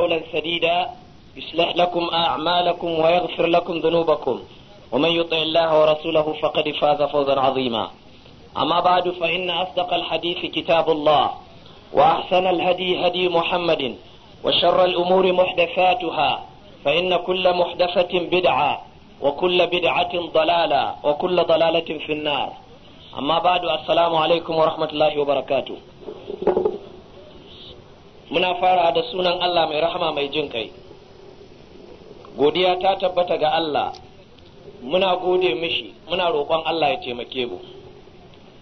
قولا سديدا يصلح لكم أعمالكم ويغفر لكم ذنوبكم ومن يطع الله ورسوله فقد فاز فوزا عظيما أما بعد فإن أصدق الحديث كتاب الله وأحسن الهدي هدي محمد وشر الأمور محدثاتها فإن كل محدثة بدعة وكل بدعة ضلالة وكل ضلالة في النار أما بعد السلام عليكم ورحمة الله وبركاته muna fara da sunan Allah mai rahama mai jin kai godiya ta tabbata ga Allah muna gode mishi muna roƙon Allah ya taimake mu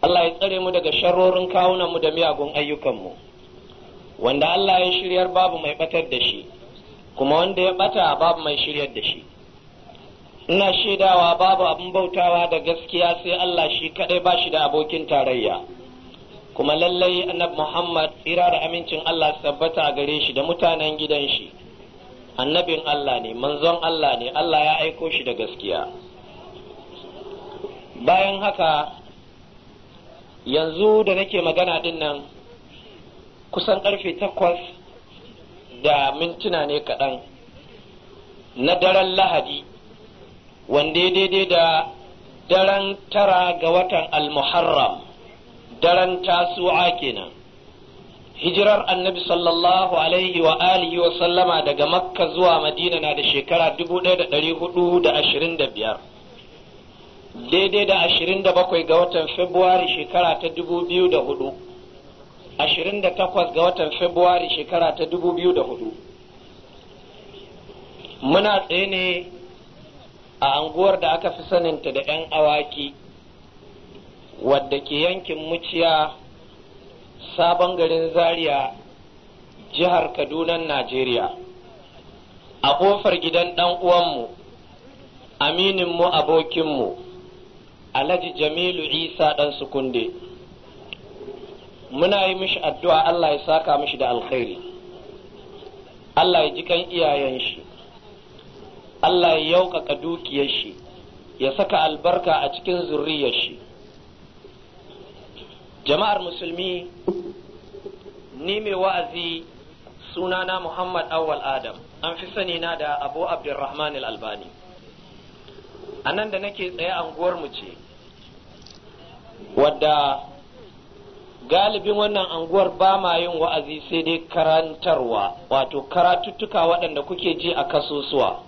Allah ya tsare mu daga sharrorin kawunan mu da miyagun ayyukanmu wanda Allah ya shiryar babu mai batar da shi kuma wanda ya bata babu mai shiryar da shi ina shaidawa babu abin bautawa da gaskiya sai Allah shi kadai ba shi da abokin tarayya kuma lallai annab muhammad tsira da amincin allah tabbata a gare shi da mutanen gidan shi annabin allah ne manzon allah ne allah ya aiko shi da gaskiya bayan haka yanzu da nake magana din nan kusan karfe takwas da mintuna ne kaɗan na daren lahadi wanda daidai da daren tara ga watan al-muharram daren tasu'a kenan hijirar annabi sallallahu alaihi wa alihi wa sallama daga makka zuwa madina na da shekara 1425 daidai da 27 ga watan februari shekara ta 2004 28 ga watan februari shekara ta 2004 muna tsaye ne a anguwar da aka fi saninta da 'yan awaki wadda ke yankin muciya sabon garin zaria jihar kaduna najeriya a ƙofar gidan ɗan uwanmu amininmu abokinmu alhaji jamilu isa ɗan sukunde muna yi mishi addu'a allah ya saka mishi da alkhairi allah ya ji kan iyayen shi allah ya yauƙaƙa dukiyar shi ya saka albarka a cikin zurriyar shi jama'ar musulmi ni mai wa'azi sunana muhammad awwal adam an fi sani na da abu abdurrahman al-albani a nan da nake tsaye anguwar mu ce wadda galibin wannan anguwar ba ma yin wa'azi sai dai karantarwa wato karatuttuka waɗanda kuke ji a kasusuwa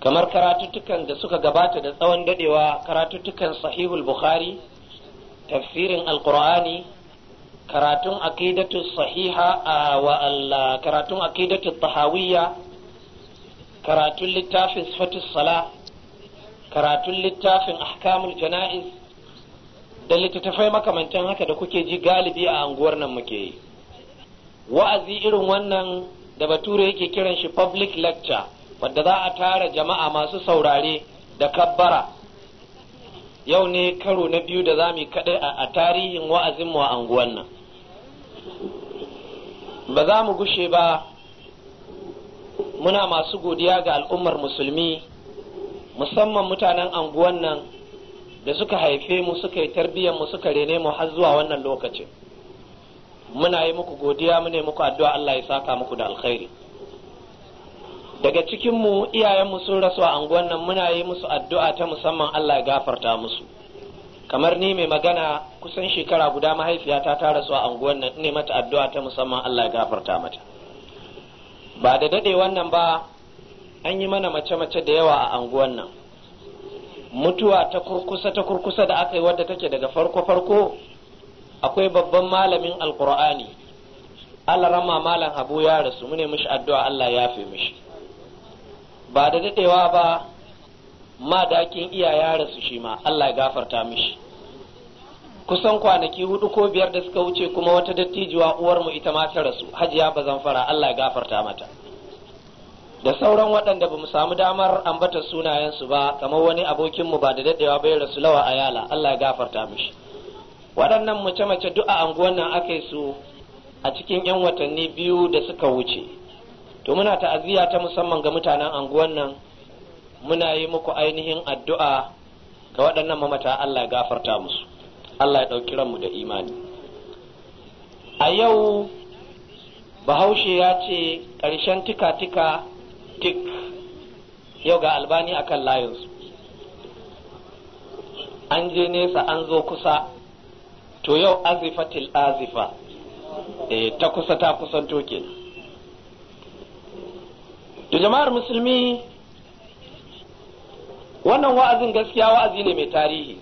kamar karatuttukan da suka gabata da tsawon dadewa karatuttukan sahihul bukhari tafsirin alqur'ani karatun aqidatu sahiha wa karatun aqidatu tahawiyya karatun littafin sifatus sala karatun littafin ahkamul jana'iz da littattafai makamantan haka da kuke ji galibi a anguwar nan muke yi wa'azi irin wannan da bature yake kiran shi public lecture wadda za a tara jama'a masu saurare da kabbara yau ne karo na biyu da za mu kaɗai a tarihin wa'azin mu a anguwan nan ba za mu gushe ba muna masu godiya ga al'ummar musulmi musamman mutanen anguwan nan da suka haife mu suka yi tarbiyyar mu suka rene mu har zuwa wannan lokacin muna yi muku godiya mu ne muku addu'a Allah ya saka muku da alkhairi daga cikin cikinmu iyayenmu sun rasu a anguwan nan muna yi musu addu'a ta musamman Allah ya gafarta musu kamar ni mai magana kusan shekara guda mahaifiyata ta rasu a anguwan nan ne mata addu'a ta musamman Allah ya gafarta mata ba da dade wannan ba an yi mana mace-mace da yawa a anguwan nan mutuwa ta kurkusa ta kurkusa da aka yi wadda take daga farko-farko akwai babban malamin alkur'ani Allah rama malam habu ya rasu mune mishi addu'a Allah ya fi mishi ba da daɗewa ba ma madakin iya ya rasu shi ma Allah ya gafarta mishi kusan kwanaki hudu ko biyar da suka wuce kuma wata dattijuwa uwar mu ita ma ta rasu hajiya bazan fara Allah ya gafarta mata da sauran waɗanda ba mu samu damar ambata sunayensu ba kamar wani abokinmu ba da dadewa bai rasu lawa ayala Allah ya gafarta mishi waɗannan mace-mace duk a anguwan nan aka su a cikin 'yan watanni biyu da suka wuce to muna ta'aziyya ta musamman ga mutanen anguwan nan muna yi muku ainihin addu'a ga waɗannan mamata Allah ya gafarta musu Allah ya ɗauki ranmu da imani a yau bahaushe ya ce ƙarshen tika-tika tik yau ga albani akan layinsu an je nesa an zo kusa to yau azifatil azifa e, ta kusa ta kusan kenan to jama'ar musulmi wannan wa'azin gaskiya wa'azi ne mai tarihi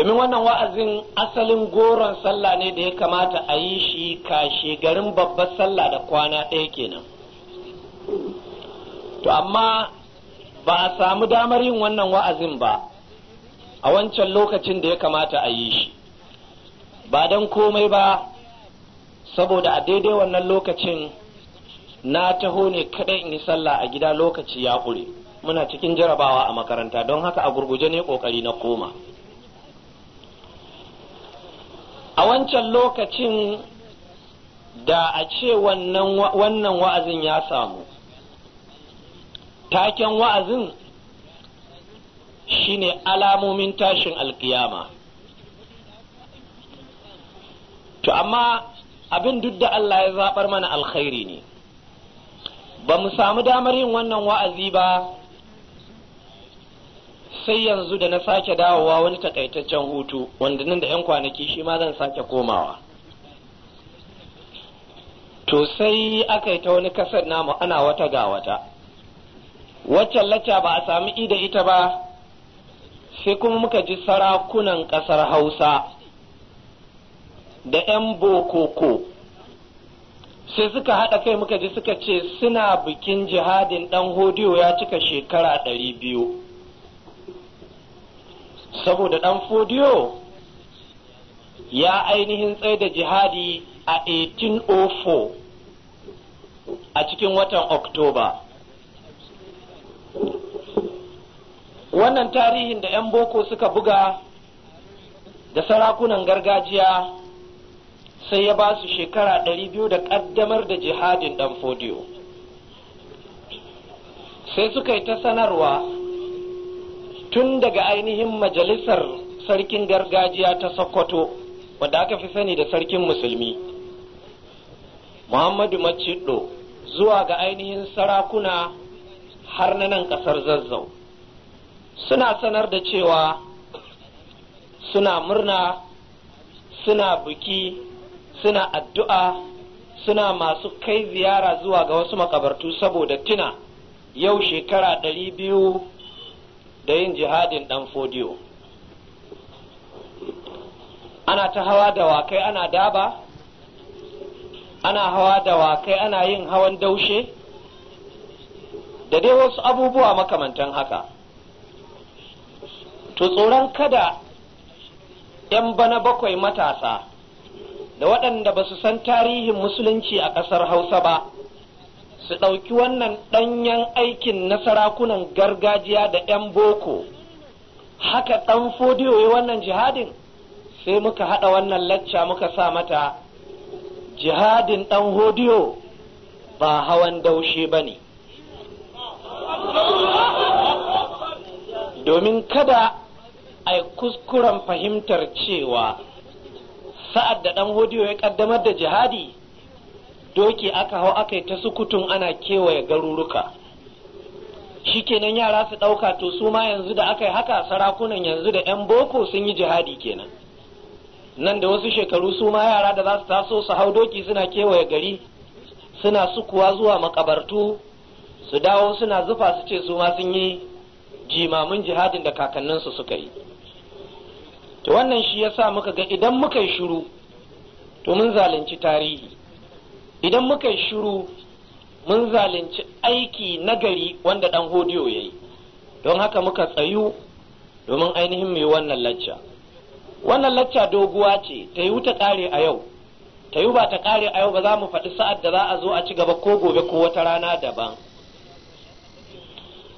domin wannan wa'azin asalin goron sallah ne da ya kamata a yi shi kashe garin babbar sallah da kwana ɗaya kenan to amma ba a samu damar yin wannan wa'azin ba a wancan lokacin da ya kamata a yi shi ba don komai ba saboda a daidai wannan lokacin na taho ne kadai in yi sallah a gida lokaci ya ƙure muna cikin jarabawa a makaranta don haka a gurguje ne ƙoƙari na koma a wancan lokacin da a ce wannan wa'azin ya samu taken wa'azin shine alamomin tashin alkiyama to amma abin duk da Allah ya zaɓar mana alkhairi ne ba mu samu damar yin wannan wa'azi ba sai yanzu da na sake dawowa wani takaitaccen hutu wanda nan da 'yan kwanaki shi ma zan sake komawa to sai aka yi ta wani kasar namu ana wata ga wata waccan lacca ba a sami ida ita ba sai kuma muka ji sarakunan kasar hausa da 'yan bokoko sai suka haɗa kai muka ji suka ce suna bikin jihadin ɗan hodiyo ya cika shekara ɗari biyu saboda ɗan hodiyo ya ainihin tsaye da jihadi a 1804 a cikin watan oktoba wannan tarihin da 'yan boko suka buga da sarakunan gargajiya sai ya ba su shekara ɗari biyu da ƙaddamar da jihadin ɗan fodiyo sai suka yi ta sanarwa tun daga ainihin majalisar sarkin gargajiya ta sokoto wadda aka fi sani da sarkin musulmi muhammadu maciɗo zuwa ga ainihin sarakuna har na nan ƙasar zazzau suna sanar da cewa suna murna suna buki suna addu'a suna masu kai ziyara zuwa ga wasu makabartu saboda tuna yau shekara ɗari biyu da yin jihadin ɗan fodiyo ana ta hawa da kai ana daba ana hawa da kai ana yin hawan daushe da dai wasu abubuwa makamantan haka to tsoron kada 'yan bana bakwai matasa da waɗanda ba su san tarihin musulunci a ƙasar hausa ba su ɗauki wannan ɗanyen aikin na sarakunan gargajiya da 'yan boko haka ɗan fodiyo wannan jihadin sai muka haɗa wannan lacca muka sa mata jihadin ɗan hodiyo ba hawan daushe ba ne domin kada a kuskuren fahimtar cewa sa'ad da ɗan hodiyo ya kaddamar da jihadi doki aka hau aka yi ta sukutun ana kewaye garuruka shikenan yara su ɗauka to su ma yanzu da aka yi haka sarakunan yanzu da 'yan boko sun yi jihadi kenan nan da wasu shekaru su ma yara da za su taso su hau doki suna kewaye gari suna sukuwa zuwa makabartu su dawo suna zufa su ce su ma sun yi jimamin jihadin da kakanninsu suka yi to wannan shi yasa muka ga idan muka yi shiru to mun zalunci tarihi idan muka yi shiru mun zalunci aiki nagari wanda dan hodiyo ya yi don haka muka tsayu domin ainihin mai wannan lacca wannan lacca doguwa ce ta yi wuta kare a yau ta yi ba ta kare a yau ba za mu faɗi sa'ad da za a zo a ci gaba ko gobe ko wata rana daban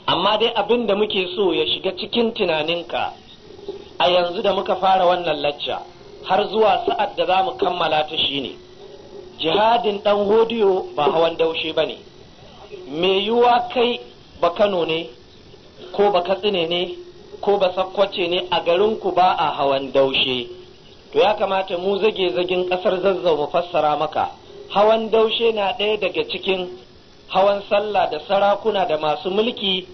amma dai abin da muke so ya shiga cikin tunaninka a yanzu da muka fara wannan lacca har zuwa sa'ad da za mu kammala ta shi ne jihadin ɗan hodiyo ba hawan daushe ba ne me yiwuwa kai ba kano ne ko ba katsine ne ko ba sakkwace ne a garinku ba a hawan daushe to ya kamata mu zage zagin ƙasar zazzau mu fassara maka hawan daushe na ɗaya daga cikin hawan sallah da sarakuna da masu mulki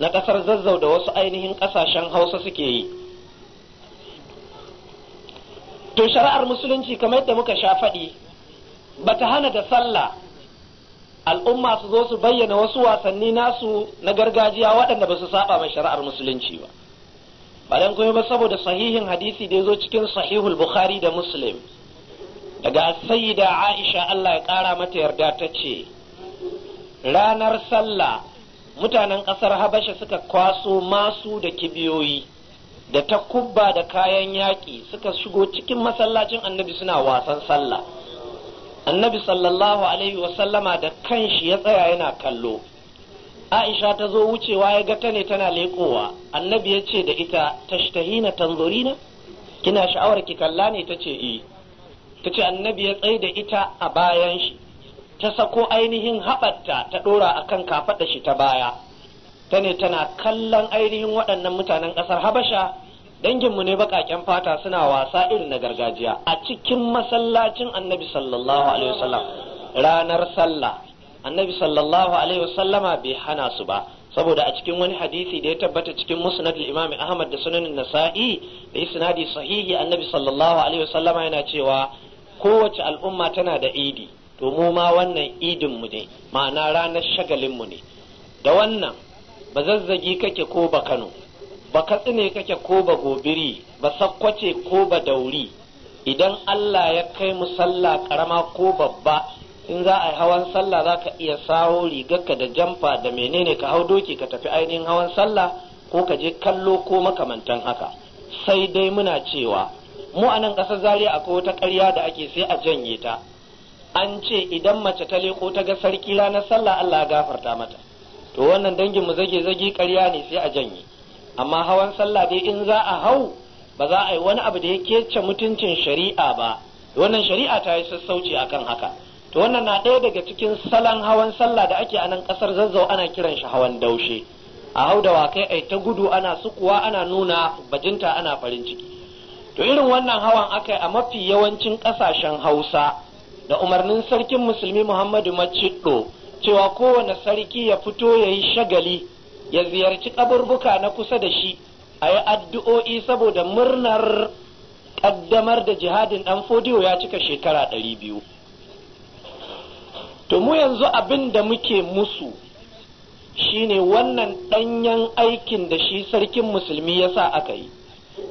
na ƙasar zazzau da wasu ainihin ƙasashen hausa suke yi to shari'ar musulunci kamar yadda muka sha faɗi ba ta hana da sallah al'umma su zo su bayyana wasu wasanni nasu na gargajiya waɗanda ba su saba mai shari'ar musulunci ba bayan kuma ba saboda sahihin hadisi da ya zo cikin sahihul bukhari da muslim daga sayyida aisha allah ya ƙara mata yarda ta ce ranar sallah mutanen ƙasar habasha suka kwaso masu da kibiyoyi da ta kubba da kayan yaƙi suka shigo cikin masallacin annabi suna wasan sallah annabi sallallahu alaihi wasallama da kanshi ya tsaya yana kallo aisha ta zo wucewa ya ga ta ne tana leƙowa annabi ya ce da ita tashtahina na? kina sha'awar ki kalla ne ta ce eh ta ce annabi ya tsaye da ita a bayan shi ta sako ainihin haɓarta ta ɗora a kan kafaɗa shi ta baya ta ne tana kallon ainihin waɗannan mutanen ƙasar habasha danginmu ne bakaken fata suna wasa irin na gargajiya a cikin masallacin annabi sallallahu alaihi wasallam ranar sallah annabi sallallahu alaihi wasallama bai hana su ba saboda a cikin wani hadisi da ya tabbata cikin musnad al-imam ahmad da sunan nasa'i da isnadi sahihi annabi sallallahu alaihi wasallama yana cewa kowace al'umma tana da idi to mu ma wannan idin mu ne ma'ana ranar shagalin mu ne da wannan bazazzagi kake ko ba Kano ba katsine kake ko ba gobiri ba sakkwace ko ba dauri idan Allah ya kai mu sallah karama ko babba in za a yi hawan sallah za ka iya sawo rigarka da jamfa da menene ka hau doki ka tafi ainihin hawan sallah ko ka je kallo ko makamantan haka sai dai muna cewa mu a nan ƙasar zaria akwai wata ƙarya da ake sai a janye ta an ce idan mace ta leko ta ga sarki ranar sallah Allah ya gafarta mata to wannan dangin mu zage zage ƙarya ne sai a janye amma hawan sallah dai in za a hau ba za a yi wani abu da ya kece mutuncin shari'a ba wannan shari'a ta yi sassauci akan haka to wannan na ɗaya daga cikin salon hawan sallah da ake a nan ƙasar zazzau ana kiran shi hawan daushe a hau da wakai ai ta gudu ana sukuwa ana nuna bajinta ana farin ciki to irin wannan hawan aka a mafi yawancin ƙasashen hausa da umarnin sarkin musulmi muhammadu maciddo cewa kowane sarki ya fito ya yi shagali ya ziyarci kaburbuka na kusa da shi a yi addu'o'i saboda murnar ƙaddamar da jihadin ɗan fodiyo ya cika shekara ɗari biyu to mu yanzu abin da muke musu shine wannan ɗanyen aikin da shi sarkin musulmi ya sa aka yi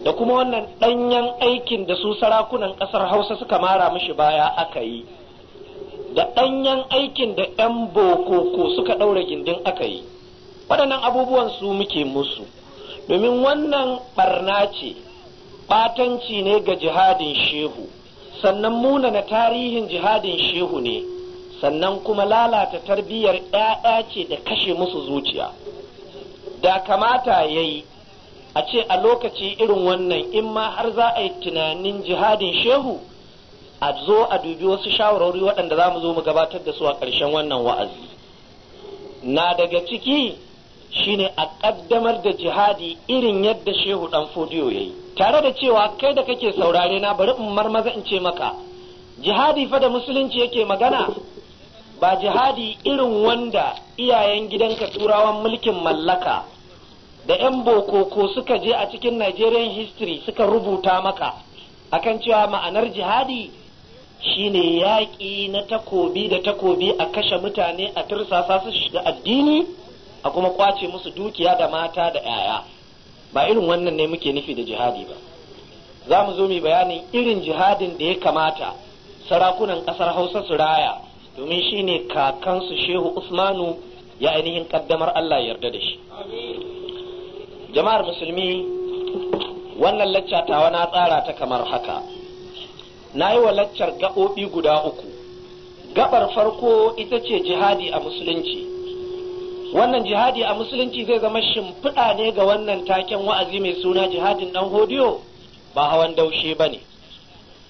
da kuma wannan ɗanyen aikin da su sarakunan ƙasar hausa suka mara mishi baya aka yi da ɗanyen aikin da 'yan bokoko suka ɗaura gindin aka yi waɗannan abubuwan su muke musu domin wannan barna ce batanci ne ga jihadin shehu sannan munana tarihin jihadin shehu ne sannan kuma lalata tarbiyyar 'ya'ya ce da kashe musu zuciya da kamata ya yi a ce a lokaci irin wannan in ma har za a yi tunanin jihadin shehu a zo a dubi wasu shawarwari waɗanda za mu zo mu gabatar da su a ƙarshen wannan wa'azi na daga ciki shine a kaddamar da jihadi irin yadda shehu dan fodiyo yi. tare da cewa kai da kake saurare na bari in marmaza in ce maka jihadi fa da musulunci yake magana ba jihadi irin wanda iyayen gidanka turawan mulkin mallaka da 'yan bokoko suka je a cikin Nigerian history suka rubuta maka akan cewa ma'anar jihadi shine yaƙi na takobi da takobi a kashe mutane a tursasa su shiga addini a kuma kwace musu dukiya da mata da 'ya'ya ba irin wannan ne muke nufi da jihadi ba za mu zo mu bayanin irin jihadin da ya kamata sarakunan ƙasar hausa su raya domin shi ne kakansu shehu usmanu ya ainihin ƙaddamar allah yarda da shi jama'ar musulmi wannan lacca tawa na tsara ta kamar haka na yi wa laccar gaɓoɓi guda uku gaɓar farko ita ce jihadi a musulunci wannan jihadi a musulunci zai zama shimfiɗa ne ga wannan taken wa'azi mai suna jihadin ɗan hodiyo ba hawan daushe ba ne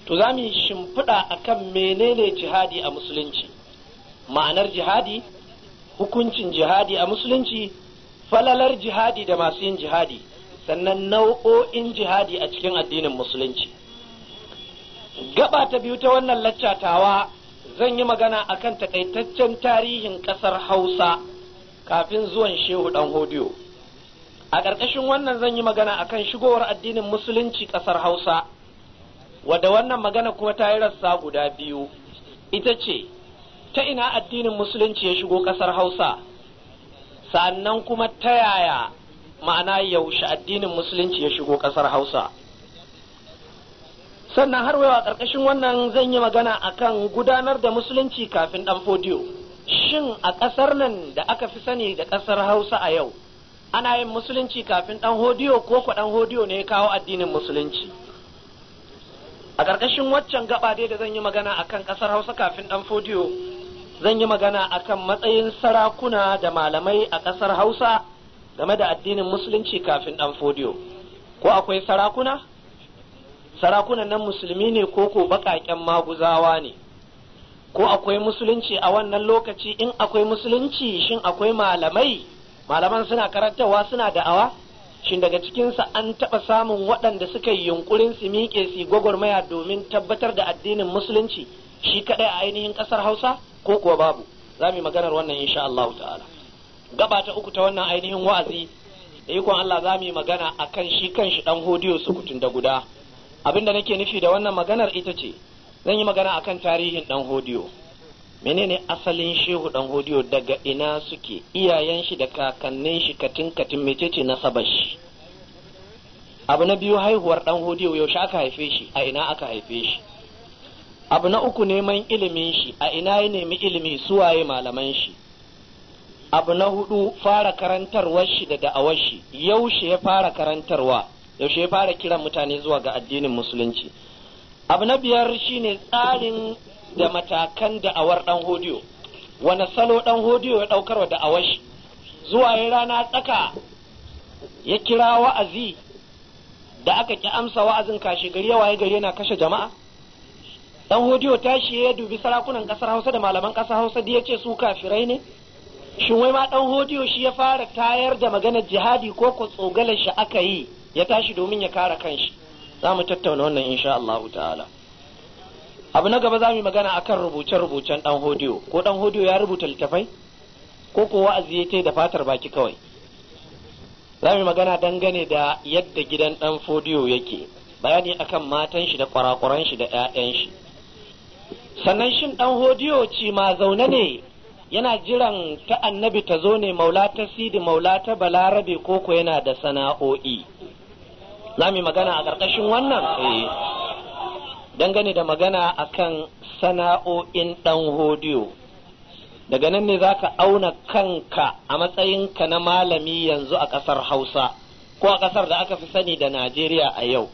to za mu yi shimfiɗa a kan menene jihadi a musulunci ma'anar jihadi hukuncin jihadi a musulunci falalar jihadi da masu yin jihadi sannan nau'o'in jihadi a cikin addinin musulunci gaba ta biyu ta wannan laccatawa zan yi magana akan takaitaccen tarihin ƙasar hausa kafin zuwan shehu dan hodiyo a ƙarƙashin wannan zan yi magana akan shigowar addinin musulunci ƙasar hausa wadda wannan magana kuma ta yi rassa guda biyu ita ce ta ina addinin musulunci ya shigo ƙasar hausa sannan kuma ta yaya ma'ana yaushe addinin musulunci ya shigo ƙasar hausa sannan har ƙarƙashin wannan zan yi magana akan gudanar da musulunci kafin ɗan fodiyo shin a ƙasar nan da aka fi sani da ƙasar hausa a yau ana yin musulunci kafin ɗan hodiyo ko kwa ɗan hodiyo ne ya kawo addinin musulunci a ƙarƙashin waccan gaba dai da zan yi magana akan ƙasar hausa kafin ɗan hodiyo zan yi magana akan matsayin sarakuna da malamai a ƙasar hausa game da addinin musulunci kafin ɗan hodiyo ko akwai sarakuna sarakunan nan musulmi ne ko ko baƙaƙen maguzawa ne ko akwai musulunci a wannan lokaci in akwai musulunci shin akwai malamai malaman suna karantarwa suna da'awa shin daga cikinsa an taɓa samun waɗanda suka yi yunkurin su miƙe su gwagwarmaya domin tabbatar da addinin musulunci shi kaɗai a ainihin ƙasar hausa ko kuwa babu za mu yi maganar wannan insha Allah ta'ala gaba ta uku ta wannan ainihin wa'azi da ikon Allah za mu yi magana akan shi kan shi ɗan hodiyo sukutun da guda abinda nake nufi da wannan maganar ita ce zan yi magana akan tarihin dan hodiyo menene asalin shehu dan hodiyo daga ina suke iyayen shi da kakannin shi katin katin mecece nasabar shi abu na biyu haihuwar dan hodiyo yaushe aka haife shi a ina aka haife shi abu na uku neman ilimin shi a ina ya nemi ilimi suwaye malaman shi abu na hudu fara karantarwar shi da da'awar shi yaushe ya fara karantarwa yaushe ya fara kiran mutane zuwa ga addinin musulunci abu na biyar shine tsarin da matakan da'awar dan hodiyo wani salo dan hodiyo ya ɗaukar wa da'awar shi zuwa yi rana tsaka ya kira wa'azi da aka ki amsa wa'azin kashe gari ya gari yana kashe jama'a Ɗan hodiyo tashi ya dubi sarakunan ƙasar Hausa da malaman kasar Hausa da ya ce su kafirai ne shin wai ma ɗan hodiyo shi ya fara tayar da maganar jihadi ko ko tsogalar shi aka yi ya tashi domin ya kare kanshi za mu tattauna wannan insha Allah ta'ala abu na gaba za mu yi magana akan rubuce-rubucen ɗan hodiyo ko dan hodiyo ya rubuta littafai ko ko wa'azi ya da fatar baki kawai za mu yi magana dangane da yadda gidan dan hodiyo yake bayani akan matan shi da kwarakuran shi da 'ya'yan shi sannan shin dan hodiyo ci ma zaune ne yana jiran ta annabi ta zo ne maula ta sidi maula ta balarabe ko koko yana da sana'o'i za mu magana a ƙarƙashin wannan eh. dangane da magana a kan sana'o'in ɗan hodiyo daga nan ne za ka auna kanka a matsayinka na malami yanzu a ƙasar hausa ko a ƙasar da aka fi sani da najeriya a yau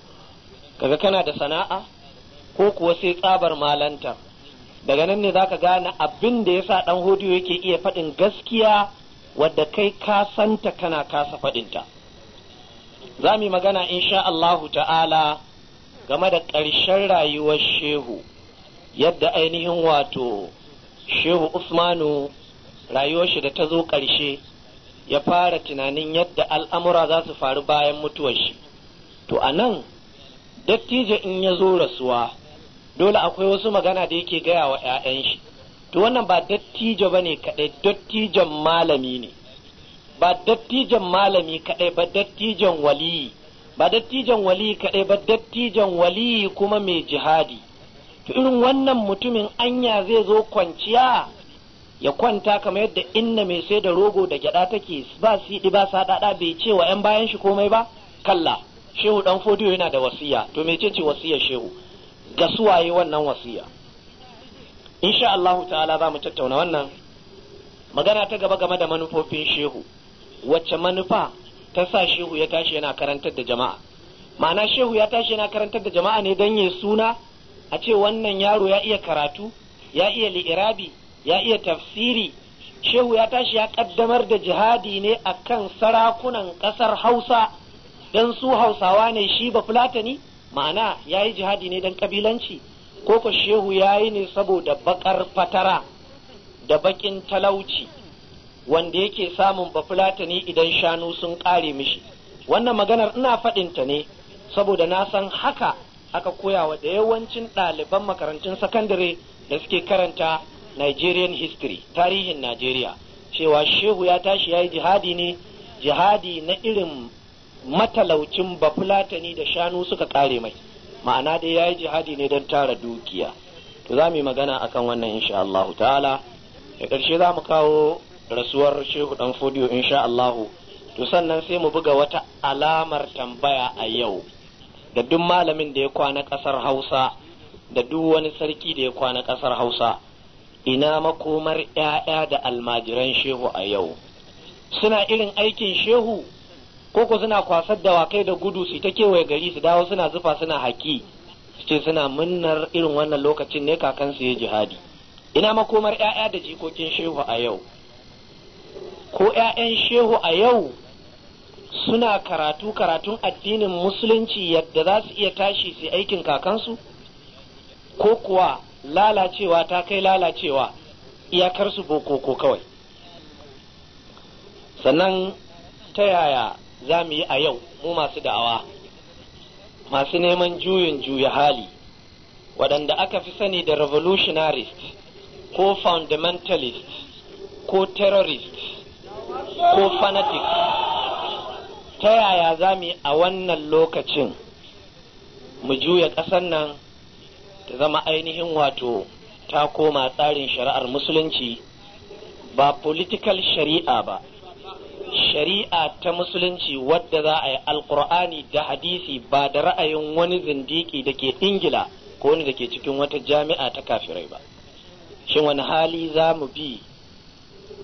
kaga kana da sana'a ko kuwa sai tsabar malanta daga nan ne za ka gane abin da ya sa ɗan hodiyo yake iya faɗin gaskiya wadda kai ka santa kana kasa faɗinta. ta za mu yi magana insha Allahu ta'ala game da ƙarshen rayuwar shehu yadda ainihin wato shehu usmanu rayuwar shi da ta zo ƙarshe ya fara tunanin yadda al'amura za su faru bayan mutuwar shi to a nan dattijo in ya zo rasuwa dole akwai wasu magana da yake gaya wa 'ya'yan shi to wannan ba dattijo ba ne kaɗai dattijon malami ne ba dattijan malami kadai ba dattijan waliyi ba dattijan waliyi kadai ba dattijan waliyi kuma mai jihadi to irin wannan mutumin anya zai zo kwanciya ya kwanta kamar yadda inna mai sai da rogo da gyada take ba siɗi ba dada bai ce wa yan bayan shi komai ba kalla shehu dan fodiyo yana da wasiya to me ce wasiya shehu ga suwaye wannan wasiya insha Allah ta'ala za mu tattauna wannan magana ta gaba game da manufofin shehu wacce manufa ta sa shehu ya tashi yana karantar da jama'a ma'ana shehu ya tashi yana karantar da jama'a ne don ya suna a ce wannan yaro ya iya karatu ya iya li'irabi ya iya tafsiri shehu ya tashi ya kaddamar da jihadi ne a kan sarakunan ƙasar hausa don su hausawa ne shi ba fulatani ma'ana ya yi jihadi ne don kabilanci ko shehu ya yi ne saboda bakar fatara da bakin talauci wanda yake samun bafulatani idan shanu sun ƙare mishi wannan maganar ina faɗinta ne saboda na san haka aka koya wa da yawancin ɗaliban makarantun sakandare da suke karanta Nigerian history tarihin Najeriya cewa shehu ya tashi ya yi jihadi ne jihadi na irin matalaucin bafulatani da shanu suka ƙare mai ma'ana dai ya yi jihadi ne don tara dukiya to za mu yi magana akan wannan insha Allah ta'ala da ƙarshe za mu kawo rasuwar shehu ɗan fodiyo insha Allahu to sannan sai mu buga wata alamar tambaya a yau da duk malamin da ya kwana kasar Hausa da duk wani sarki da ya kwana kasar Hausa ina makomar ƴaƴa da almajiran shehu a yau suna irin aikin shehu ko ko suna kwasar da dawakai da gudu su ta kewaye gari su dawo suna zufa suna haki ce suna munnar irin wannan lokacin ne kakansu ya jihadi ina makomar 'ya'ya da jikokin shehu a yau ko 'ya'yan shehu a yau suna karatu karatun addinin musulunci yadda za su iya tashi su aikin kakansu ko kuwa lalacewa ta kai lalacewa iyakarsu boko ko kawai sannan ta yaya za mu yi a yau mu masu da'awa masu neman juyin juya hali waɗanda aka fi sani da revolutionarist ko fundamentalist ko terrorist ko fanatik ta yaya za mu yi a wannan lokacin mu juya ƙasar nan ta zama ainihin wato ta koma tsarin shari'ar musulunci ba political shari'a ba shari'a ta musulunci wadda za a yi alkur'ani da hadisi ba da ra'ayin wani zindiki da ke ingila ko wani da ke cikin wata jami'a ta kafirai ba shin wani hali za mu bi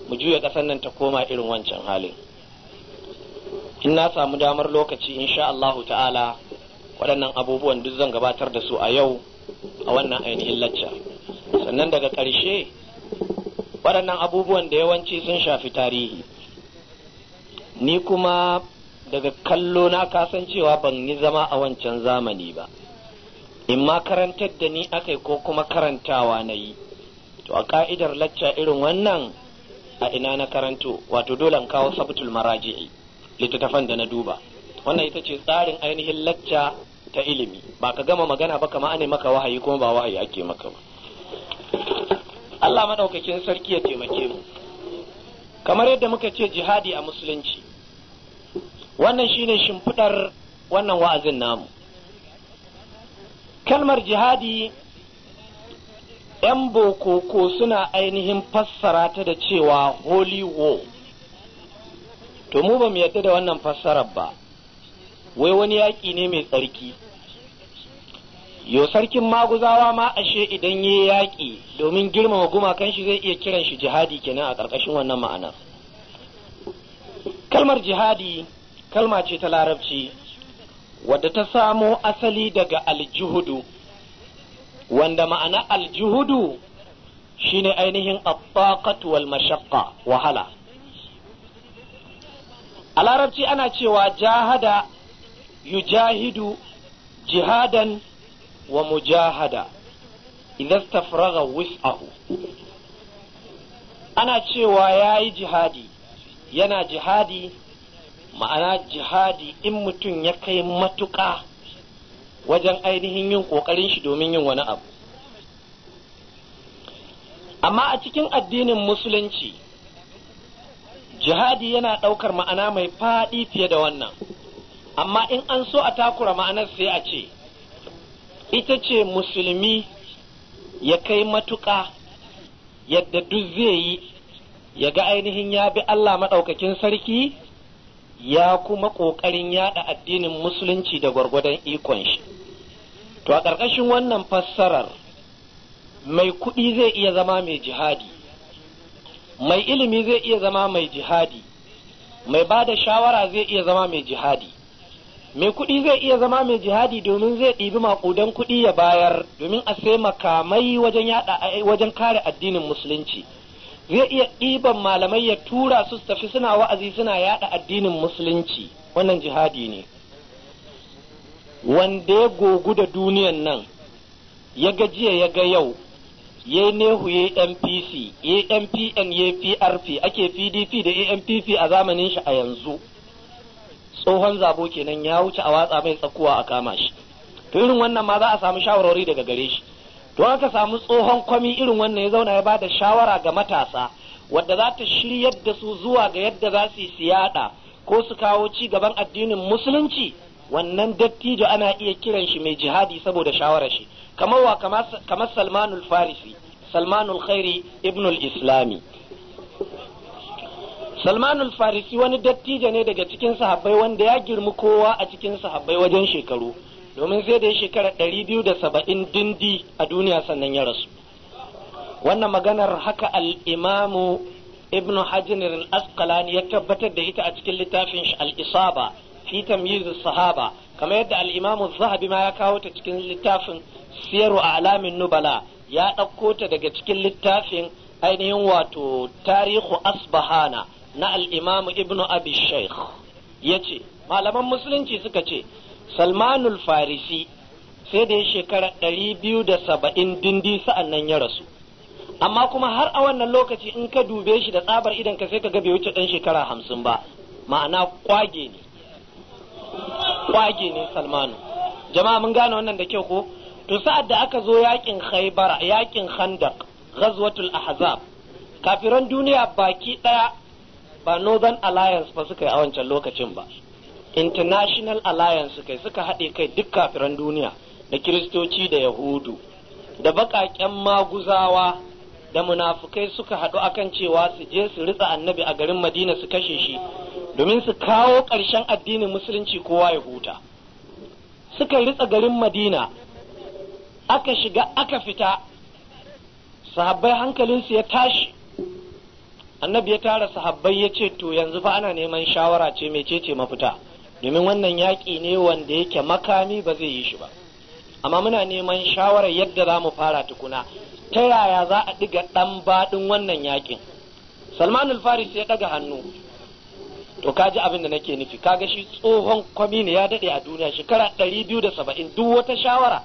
mu juya ƙasar nan ta koma irin wancan halin in na samu damar lokaci insha Allahu ta'ala waɗannan abubuwan duk zan gabatar da su a yau a wannan ainihin lacca sannan daga ƙarshe waɗannan abubuwan da yawanci sun shafi tarihi ni kuma daga kallo na kasancewa ban yi zama a wancan zamani ba in ma karantar da ni yi ko kuma karantawa na yi to a ka'idar lacca irin wannan a ina na karanto wato dole in kawo sabtul maraji'i littattafan da na duba wannan ita ce tsarin ainihin lacca ta ilimi ba ka gama magana ba kama ne maka wahayi kuma ba wahayi ake maka ba Allah madaukakin sarki ya taimake mu kamar yadda muka ce jihadi a musulunci wannan shine shimfidar wannan wa'azin namu kalmar jihadi 'yan bokoko suna ainihin fassara ta da cewa holy war to mu ba mu yadda da wannan fassarar ba wai wani yaƙi ne mai tsarki yo sarkin maguzawa ma ashe idan ya yaƙi domin girmama gumakan shi zai iya kiran shi jihadi kenan a ƙarƙashin wannan ma'ana kalmar jihadi kalma ce ta larabci wadda ta samo asali daga aljihudu wanda ma'ana aljuhudu shine ainihin at wal mashaqqa wahala a larabci ana cewa jahada yujahidu jihadan wa mujahada idan stafraga wis'ahu ana cewa ya yi jihadi yana jihadi ma'ana jihadi in mutum ya kai matuƙa wajen ainihin yin ƙoƙarin shi domin yin wani abu amma a cikin addinin musulunci jihadi yana ɗaukar ma'ana mai faɗi fiye da wannan amma in an so a takura ma'anar sai a ce ita ce musulmi ya kai matuƙa yadda duk zai yi ya ga ainihin ya bi Allah maɗaukakin sarki ya kuma ƙoƙarin yaɗa addinin musulunci da gwargwadon ikon shi to a ƙarƙashin wannan fassarar mai kuɗi zai iya zama mai jihadi mai ilimi zai iya zama mai jihadi mai ba da shawara zai iya zama mai jihadi mai kuɗi zai iya zama mai jihadi domin zai ɗibi maƙudan kuɗi ya bayar domin a sai makamai wajen kare addinin musulunci zai iya ɗiban malamai ya tura su tafi suna wa'azi suna yaɗa addinin musulunci wannan jihadi ne wanda ya gogu da duniyan nan ya gajiya jiya ya ga yau ya nehu ya mpc ya mpn ya prp ake pdp da ampp a zamanin shi a yanzu tsohon zabo kenan ya wuce a watsa mai tsakuwa a kama shi to irin wannan ma za a samu shawarwari daga gare shi to aka samu tsohon kwami irin wannan ya zauna ya ba da shawara ga matasa wadda za ta shiryar da su zuwa ga yadda za su yi siyada ko su kawo ci gaban addinin musulunci wannan dattijo ana iya kiran shi mai jihadi saboda shawarar shi kamar wa kamar salmanul farisi salmanul khairi ibnul islami salmanul farisi wani dattijo ne daga cikin sahabbai wanda ya girmi kowa a cikin sahabbai wajen shekaru domin zai da shekara ɗari biyu da saba'in dindi a duniya sannan ya rasu wannan maganar haka al'imamu ibn hajjinar al'asqalani ya tabbatar da ita a cikin littafin shi al'isaba fi tamyiz sahaba kamar yadda al zahabi ma ya kawo ta cikin littafin siyarwa a alamin nubala ya ɗauko ta daga cikin littafin ainihin wato tarihu asbahana na al-imam ibnu abi shaykh yace malaman musulunci suka ce salmanul farisi sai da ya shekara ɗari biyu da saba'in dindi sa'an nan ya rasu amma kuma har a wannan lokaci in ka dube shi da tsabar idan ka sai ka ga bai wuce ɗan shekara hamsin ba ma'ana kwage ne kwage ne salmanu jama'a mun gane wannan da kyau ko to sa'ad da aka zo yakin khaybara yakin khandaq ghazwatul ahzab kafiran duniya baki daya ba northern alliance ba suka yi a wancan lokacin ba international alliance suka yi suka haɗe kai duk kafiran duniya da kiristoci da yahudu da baƙaƙen maguzawa da munafukai suka haɗu kan cewa su je su ritsa annabi a garin madina su kashe shi domin su kawo ƙarshen addinin musulunci kowa ya huta suka ritsa garin madina aka shiga aka fita sahabbai hankalinsu ya tashi annabi ya tara sahabbai ya ce to yanzu fa ana neman shawara ce mecece mafita domin wannan yaƙi ne wanda yake makami ba zai yi shi ba amma muna neman shawarar yadda za mu fara tukuna ta yaya za a diga ɗan baɗin wannan yakin Salman al-Faris ya daga hannu to kaji abin da nake nufi kaga shi tsohon kwami ya daɗe a duniya shekara 270 duk wata shawara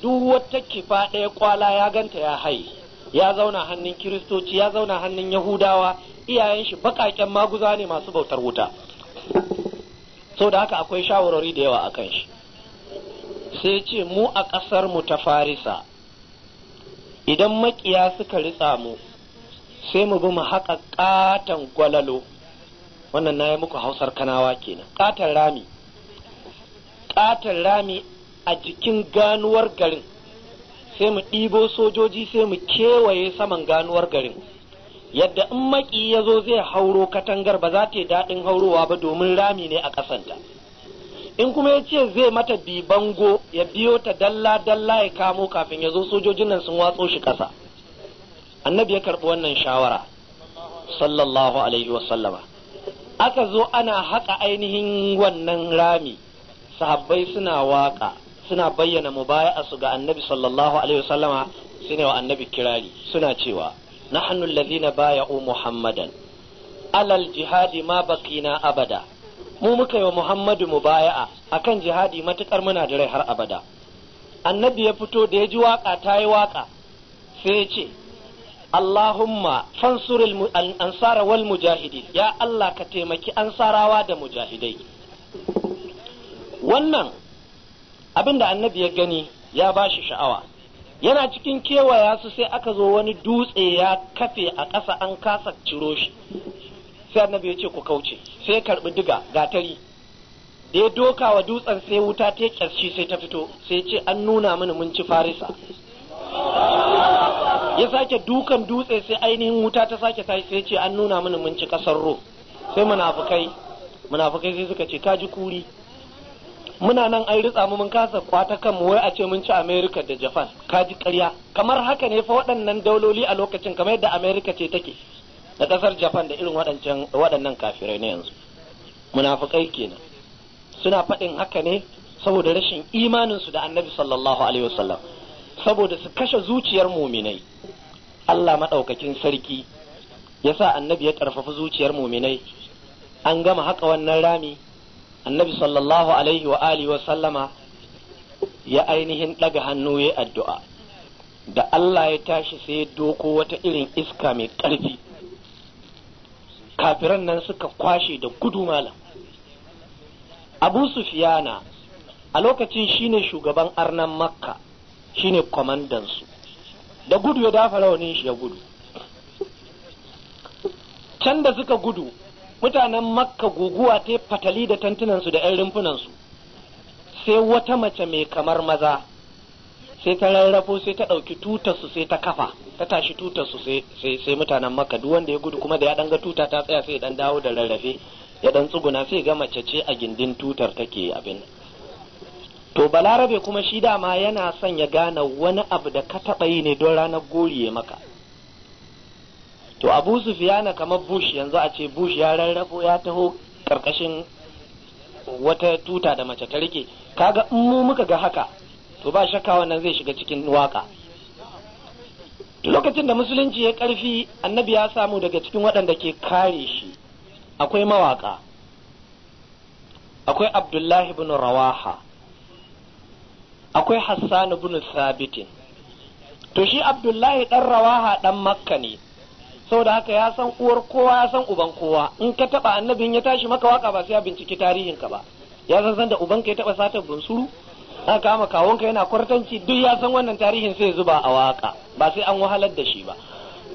duk wata kifa ɗaya kwala ya ganta ya hai ya zauna hannun kiristoci ya zauna hannun yahudawa iyayen shi bakaken maguza ne masu bautar wuta sau da haka akwai shawarwari da yawa akan shi sai ce mu a ƙasar mu ta farisa idan makiya suka ritsa mu sai mu bi mu haƙa ƙaton gwalalo wannan na yi muku hausar kanawa kenan ƙaton rami rami a jikin ganuwar garin sai mu ɗibo sojoji sai mu kewaye saman ganuwar garin yadda in maƙi ya zo zai hauro katangar ba za ta yi daɗin haurowa ba domin rami ne a ƙasanta. in kuma ya ce zai mata bi bango ya biyo ta dalla dalla ya kamo kafin ya zo sojojin nan sun watso shi ƙasa annabi ya karɓi wannan shawara sallallahu alaihi wasallama aka zo ana haƙa ainihin wannan rami sahabbai suna waƙa suna bayyana mu su ga annabi sallallahu alaihi wasallama suna wa annabi kirari suna cewa na nahnu baya o muhammadan alal jihadi ma abada mu muka yi wa Muhammadu mubaya'a akan jihadi matukar muna da rai har abada annabi ya fito da ya ji waƙa ta yi waƙa sai ya ce Allahumma fansuril ansara wal mujahidi ya Allah ka taimaki ansarawa da mujahidai wannan abin da annabi ya gani ya ba shi sha'awa yana cikin kewaya su sai aka zo wani dutse ya kafe a ƙasa an kasa ciro shi sai annabi ya ce ku kauce sai ya karbi diga gatari da ya doka wa dutsen sai wuta ta kyarci sai ta fito sai ce an nuna mini mun ci farisa ya sake dukan dutse sai ainihin wuta ta sake tashi sai ce an nuna mini mun ci kasar ro sai munafukai munafukai sai suka ce ka ji kuri muna nan an ritsa mu mun kasa kwata kan mu wai a ce mun ci America da Japan ji ƙarya kamar haka ne fa waɗannan dauloli a lokacin kamar yadda America ce take na kasar japan da irin waɗannan kafirai ne yanzu munafukai kenan suna faɗin haka ne saboda rashin imaninsu da annabi sallallahu alaihi wasallam saboda su kashe zuciyar muminai Allah maɗaukakin sarki yasa annabi ya ƙarfafa zuciyar muminai an gama haka wannan rami annabi sallallahu alaihi wa alihi wasallama ya ainihin ɗaga hannu ya addu'a da Allah ya tashi sai ya doko wata irin iska mai ƙarfi kafiran nan suka kwashe da gudu malam abu sufiyana a lokacin shine shugaban arnan makka shine kwamandansu da gudu ya dafa rawanin shi ya gudu can da suka gudu mutanen makka guguwa ta fatali da tantunansu da 'yan rumfunansu sai wata mace mai kamar maza sai ta rarrafo sai ta ɗauki tutar su sai ta kafa ta tashi tutar su sai mutanen maka duk wanda ya gudu kuma da ya ɗan ga tuta ta tsaya sai dan dawo da rarrafe ya ɗan tsuguna sai ga mace ce a gindin tutar take abin to balarabe kuma shi dama yana son ya gane wani abu da ka taɓa yi ne don ranar goriye maka to abu sufiyana kamar bush yanzu a ce bush ya rarrafo ya taho karkashin wata tuta da mace ta rike kaga in mu muka ga haka to ba shakka wannan zai shiga cikin waka lokacin da musulunci ya karfi annabi ya samu daga cikin waɗanda ke kare shi akwai mawaka akwai abdullahi bin rawaha akwai hassan bin sabitin to shi abdullahi ɗan rawaha ɗan makka ne saboda haka ya san uwar kowa ya san uban kowa in ka taba annabin ya tashi maka waka ba sai ya binciki tarihinka ba ya san da uban ka ya taba satar bunsuru an kama kawonka yana kwartanci duk ya san wannan tarihin sai zuba a waka ba sai an wahalar da shi ba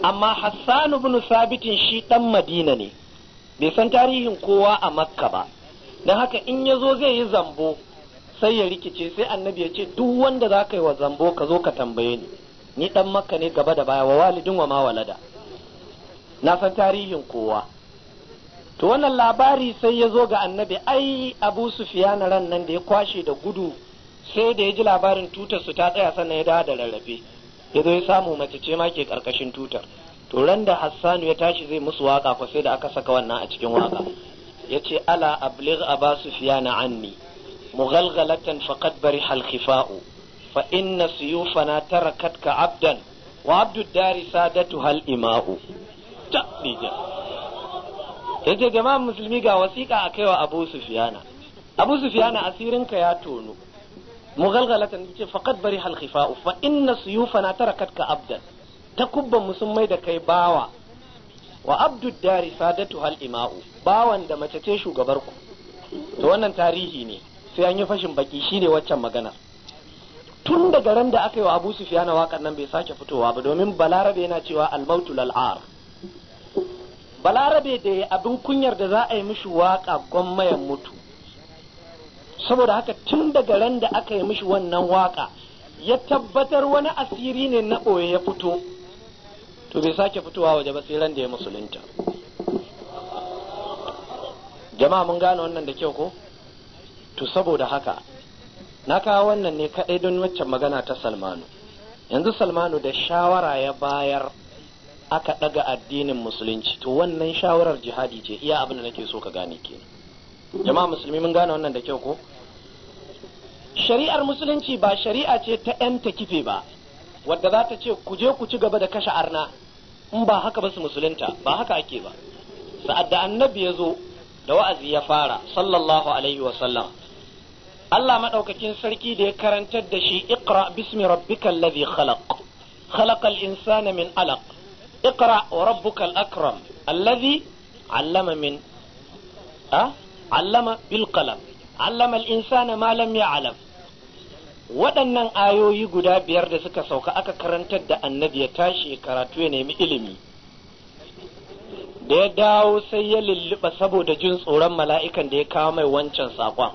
amma Hassan ibn Sabitin shi dan Madina ne bai san tarihin kowa a Makka ba dan haka in ya zo zai yi zambo sai ya rikice sai annabi ya ce duk wanda za ka yi wa zambo ka zo ka tambaye ni ni dan Makka ne gaba da baya wa walidin wa ma walada na san tarihin kowa to wannan labari sai ya zo ga annabi ai Abu sufiyana ran nan da ya kwashe da gudu sai da ya ji labarin tutar su ta tsaya sannan ya dawo da rarrafe ya zo ya samu mace ce ma ke karkashin tutar to ran da Hassanu ya tashi zai musu waka ko sai da aka saka wannan a cikin waka yace ala abligh aba sufyan anni mughalghalatan faqad bariha al-khifa'u fa inna suyufana tarakatka abdan wa abdu dari sadatu hal ima'u Ta yace jama'a musulmi ga wasiƙa a kaiwa abu sufyana abu sufyana asirinka ya tono mughalghalatan yace faqad bari hal khifa'u fa inna suyufana tarakatka abdan takubban mai da kai bawa wa abdu dari sadatu hal ima'u bawan da mace ce shugabar ku to wannan tarihi ne sai an yi fashin baki shine waccan magana tun daga ran da aka yi wa Abu Sufyan waƙar nan bai sake fitowa ba domin Balarabe yana cewa al-mautu lal'ar Balarabe da abin kunyar da za a yi mishi waƙa gwammayan mutu saboda haka tun daga ran da aka yi mishi wannan waka ya tabbatar wani asiri ne na ɓoye ya fito to bai sake fitowa waje ba sai ran da ya musulunta jama'a mun gane wannan da kyau ko to saboda haka na kawo wannan ne kaɗai don waccan magana ta salmanu yanzu salmanu da shawara ya bayar aka ɗaga addinin musulunci to wannan shawarar jihadi ce iya abin da nake so ka gane kenan jama'a musulmi mun gane wannan da kyau ko shari'ar musulunci ba shari'a ce ta yan ta kife ba wadda za ta ce ku je ku ci gaba da kashe arna in ba haka ba su musulunta ba haka ake ba sa'ad da annabi ya zo da wa'azi ya fara sallallahu alaihi wa sallam Allah madaukakin sarki da ya karantar da shi iqra bismi rabbikal ladhi khalaq khalaqal insana min alaq iqra wa rabbukal akram alladhi allama min ah? allama bilkalam allama al'insana malam ya alam waɗannan ayoyi guda biyar da suka sauka aka karantar da annabi ya tashi karatu ya nemi ilimi da ya dawo sai ya lulluɓa saboda jin tsoron mala'ikan da ya kawo mai wancan saƙon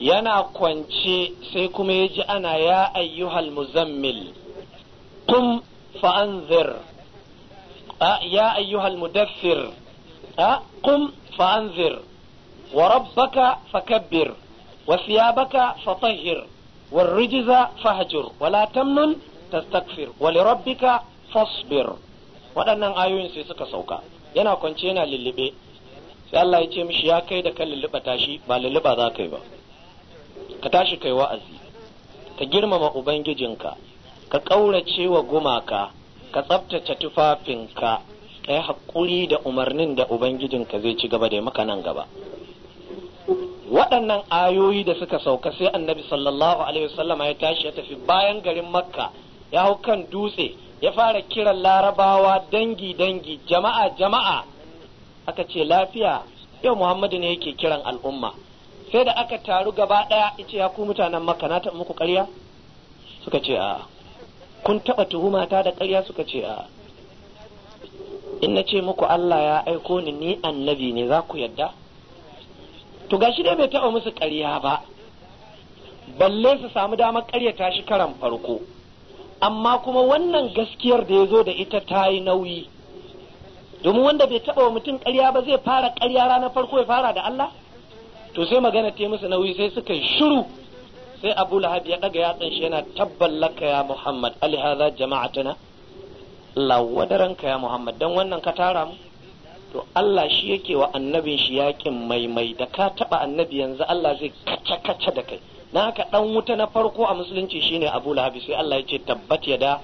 yana kwance sai kuma ya ji ana ya ayyuhal muzammil kum fa'anzir ya ayyuhal mudaffir kum fa'anzir وربك فكبر وثيابك فطهر والرجز فهجر ولا تمنن تستكفر ولربك فاصبر waɗannan ayoyin sai suka sauka yana kwance yana lullube sai Allah ya ce mishi ya kai da kan lulluba tashi ba lulluba za ka yi ba ka tashi kai wa'azi ka girmama ubangijinka ka ƙaurace wa gumaka ka tsabtace tufafinka ka yi haƙuri da umarnin da ubangijinka zai ci gaba da maka nan gaba waɗannan ayoyi da suka sauka sai annabi sallallahu alaihi wasallama ya tashi ya tafi bayan garin makka ya hau kan dutse ya fara kiran larabawa dangi dangi jama'a jama'a aka ce lafiya yau muhammadu ne yake kiran al'umma sai da aka taru gaba ɗaya ice ya ku mutanen makka na taɓa muku ƙarya suka ce a kun taɓa tuhumata da ƙarya suka ce a in na ce muku allah ya aiko ni ni annabi ne za ku yadda to ga shi dai bai taɓa musu ƙarya ba balle su samu damar ƙaryata shi karan farko amma kuma wannan gaskiyar da ya zo da ita ta yi nauyi domin wanda bai taɓa wa mutum ƙarya ba zai fara ƙarya ranar farko ya fara da Allah to sai magana ta musu nauyi sai suka yi shiru sai Abu Lahab ya ɗaga yatsan shi yana tabballaka ya Muhammad alihaza jama'atuna lawadaren ya Muhammad dan wannan ka tara mu to Allah shi yake wa annabin shi yakin maimai da ka taba annabi yanzu Allah zai kaca kaca da kai na haka dan wuta na farko a musulunci shine Abu Lahab sai Allah ya ce tabbat yada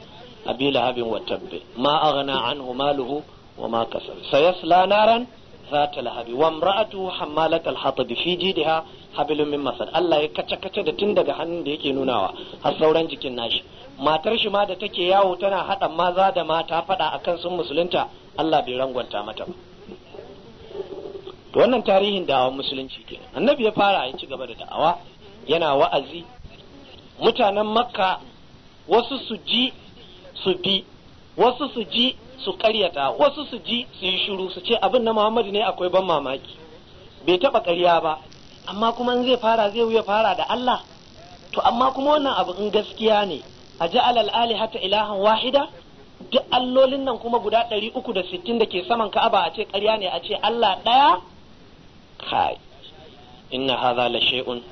Abi Lahab wa tabbi ma aghna anhu maluhu wa ma kasab sayasla naran ذات لهب وامرأته حمالة الحطب في جيدها حبل min مسد Allah ya kace kace da tun daga hannun da yake nunawa har sauran jikin nashi matar shi ma da take yawo tana hada maza da mata fada akan sun musulunta Allah bai rangwanta mata ba to wannan tarihin da'awar musulunci nan, annabi ya fara ya ci gaba da da'awa yana wa'azi mutanen makka wasu su ji su bi wasu su ji su karyata wasu su ji su yi shiru su ce abin na muhammadu ne akwai ban mamaki bai taba karya ba amma kuma in zai fara zai wuya fara da Allah to amma kuma wannan abu in gaskiya ne a ja'al ali hata ilahan wahida duk allolin nan kuma guda ɗari uku da sittin da ke saman ka'aba a ce karya ne a ce Allah ɗaya kai inna haza la shay'un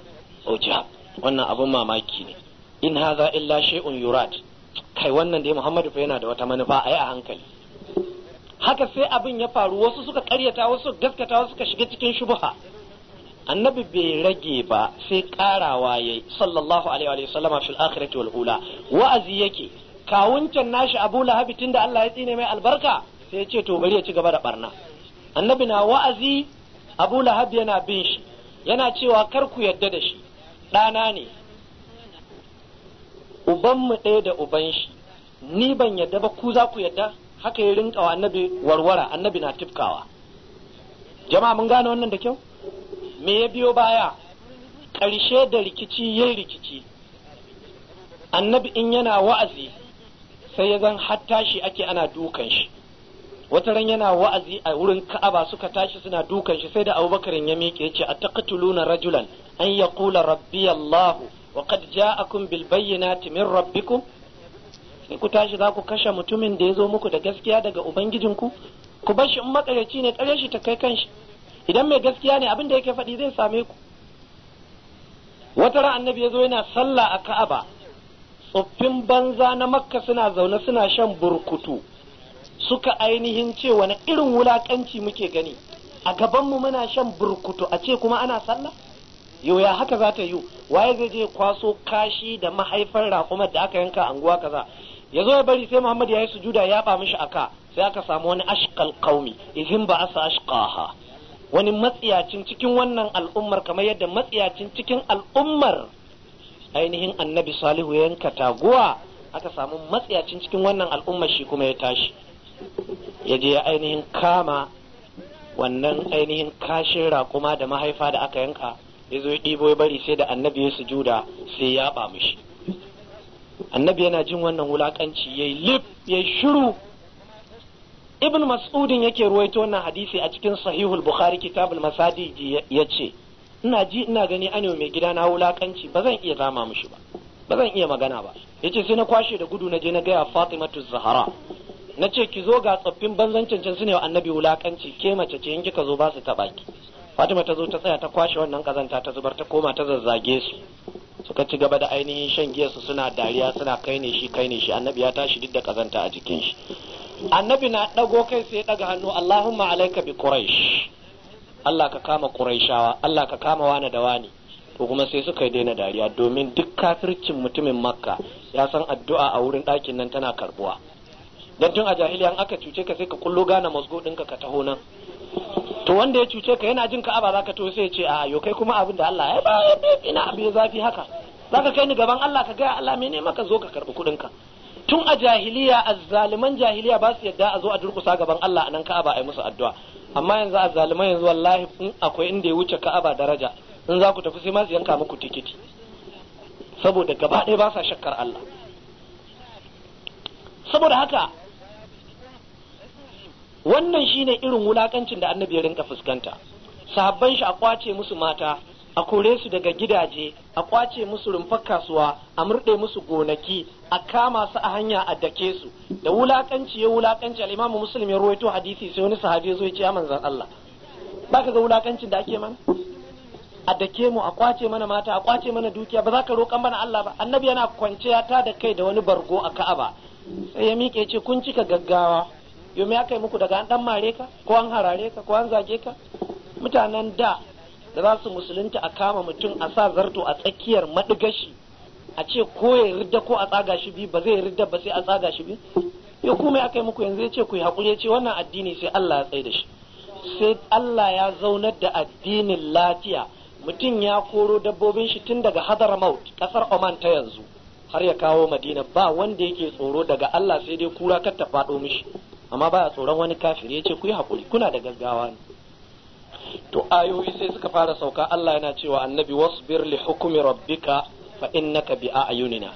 ujab wannan abun mamaki ne in haza illa shay'un yurad kai wannan dai Muhammadu fa yana da wata manufa ai a hankali haka sai abin ya faru wasu suka karyata wasu gaskata wasu suka shiga cikin shubha annabi bai rage ba sai karawa yayi sallallahu alaihi wa sallama fil akhirati wal ula wa'azi yake kawuncan nashi Abu Lahab tunda Allah ya tsine mai albarka sai ya ce to bari ya ci gaba da barna annabi na wa'azi abu lahab yana bin shi yana cewa kar ku yadda da shi ɗana ne ubanmu ɗaya da uban shi ni ban yadda ba ku za ku yadda haka ya rinka wa annabi warwara annabi na tifkawa jama'a mun gane wannan da kyau me ya biyo baya ƙarshe da rikici yin rikici annabi in yana wa'azi sai ya zan hatta shi ake ana dukan shi wata ran yana wa'azi a wurin Ka'aba suka tashi suna dukan shi sai da Abubakar ya miƙe yace ataqtuluna rajulan an yaqula rabbi Allah wa qad ja'akum bil bayyinati min rabbikum sai ku tashi za ku kashe mutumin da yazo muku da gaskiya daga ubangijinku ku bar shi in makaryaci ne kare shi ta kai kanshi idan mai gaskiya ne abin da yake faɗi zai same ku wata ran annabi yazo yana sallah a Ka'aba tsoffin banza na Makka suna zaune suna shan burkutu suka ainihin ce wani irin wulakanci muke gani a gabanmu muna shan burkutu a ce kuma ana sallah yau ya haka za ta yi waye zai je kwaso kashi da mahaifar raƙumar da aka yanka anguwa kaza ya zo ya bari sai muhammad ya yi sujuda ya ba mishi aka sai aka samu wani ashkal kaumi izin ba asa ashqaha wani matsiyacin cikin wannan al'ummar kamar yadda matsiyacin cikin al'ummar ainihin annabi salihu yanka taguwa aka samu matsiyacin cikin wannan al'ummar shi kuma ya tashi Yaje ya ainihin kama wannan ainihin kashin raƙuma da mahaifa da aka yanka ya zo ya ɗibo ya bari sai da annabi ya sujuda sai ya ba mishi annabi yana jin wannan wulakanci ya yi lif ya yi shiru ibn mas'udin yake ruwaito wannan hadisi a cikin sahihul bukhari kitabul masadi ya ce ina ji ina gani an mai gida na wulakanci ba zan iya zama mishi ba ba zan iya magana ba yace sai na kwashe da gudu na je na gaya fatimatu zahara na ce ki zo ga tsoffin banzan cancan su ne wa annabi wulakanci ke mace ce in kika zo ba su taɓa ki fatima ta zo ta tsaya ta kwashe wannan kazanta ta zubar ta koma ta zazzage su suka ci gaba da ainihin shan giya su suna dariya suna kai ne shi kai ne shi annabi ya tashi duk da kazanta a jikin shi annabi na ɗago kai sai ya ɗaga hannu allahumma alaika bi quraish allah ka kama quraishawa allah ka kama wani da wani to kuma sai suka yi daina dariya domin duk kafircin mutumin makka ya san addu'a a wurin ɗakin nan tana karbuwa don tun a jahiliya an aka cuce ka sai ka kullo gane mazgo dinka ka taho nan to wanda ya cuce ka yana jin ka aba zaka to sai ya ce a yo kai kuma abin da Allah ya ba ina abu ya zafi haka zaka kai ni gaban Allah ka ga Allah ne maka zo ka karbi kuɗin ka tun a jahiliya azzaliman jahiliya ba su yadda a zo a durkusa gaban Allah anan aba ai musu addu'a amma yanzu azzaliman yanzu wallahi in akwai inda ya wuce Ka'aba daraja in za ku tafi sai ma su yanka muku tikiti saboda gaba ɗaya ba sa shakkar Allah saboda haka wannan shine irin wulakancin da annabi ya rinka fuskanta sahabban shi a kwace musu mata a kore su daga gidaje a kwace musu rumfar kasuwa a murɗe musu gonaki a kama su a hanya a dake su da wulakanci ya wulakanci al'imamu muslim ya rawaito hadisi sai wani sahabi ya zo ya ce ya Allah ba ka ga wulakancin da ake mana a dake mu a kwace mana mata a kwace mana dukiya ba za ka roƙan bana Allah ba annabi yana kwanciya ta da kai da wani bargo a Ka'aba sai ya miƙe ce kun cika gaggawa yau me aka yi muku daga an dan mare ka ko an harare ka ko an zage ka mutanen da da za su musulunta a kama mutum a sa zarto a tsakiyar maɗigashi a ce ko ya ridda ko a tsaga shi bi ba zai ridda ba sai a tsaga shi bi ya kuma ya kai muku yanzu ya ce ku yi haƙuri ya ce wannan addini sai Allah ya tsaye da shi sai Allah ya zaunar da addinin lafiya mutum ya koro dabbobin shi tun daga Hadramaut kasar Oman ta yanzu har ya kawo Madina ba wanda yake tsoro daga Allah sai dai kura kar ta faɗo mishi amma baya tsoron wani kafiri ce ku yi hakuri kuna da gaggawa ne to ayoyi sai suka fara sauka Allah yana cewa annabi wasbir li hukumi rabbika fa innaka bi a'yunina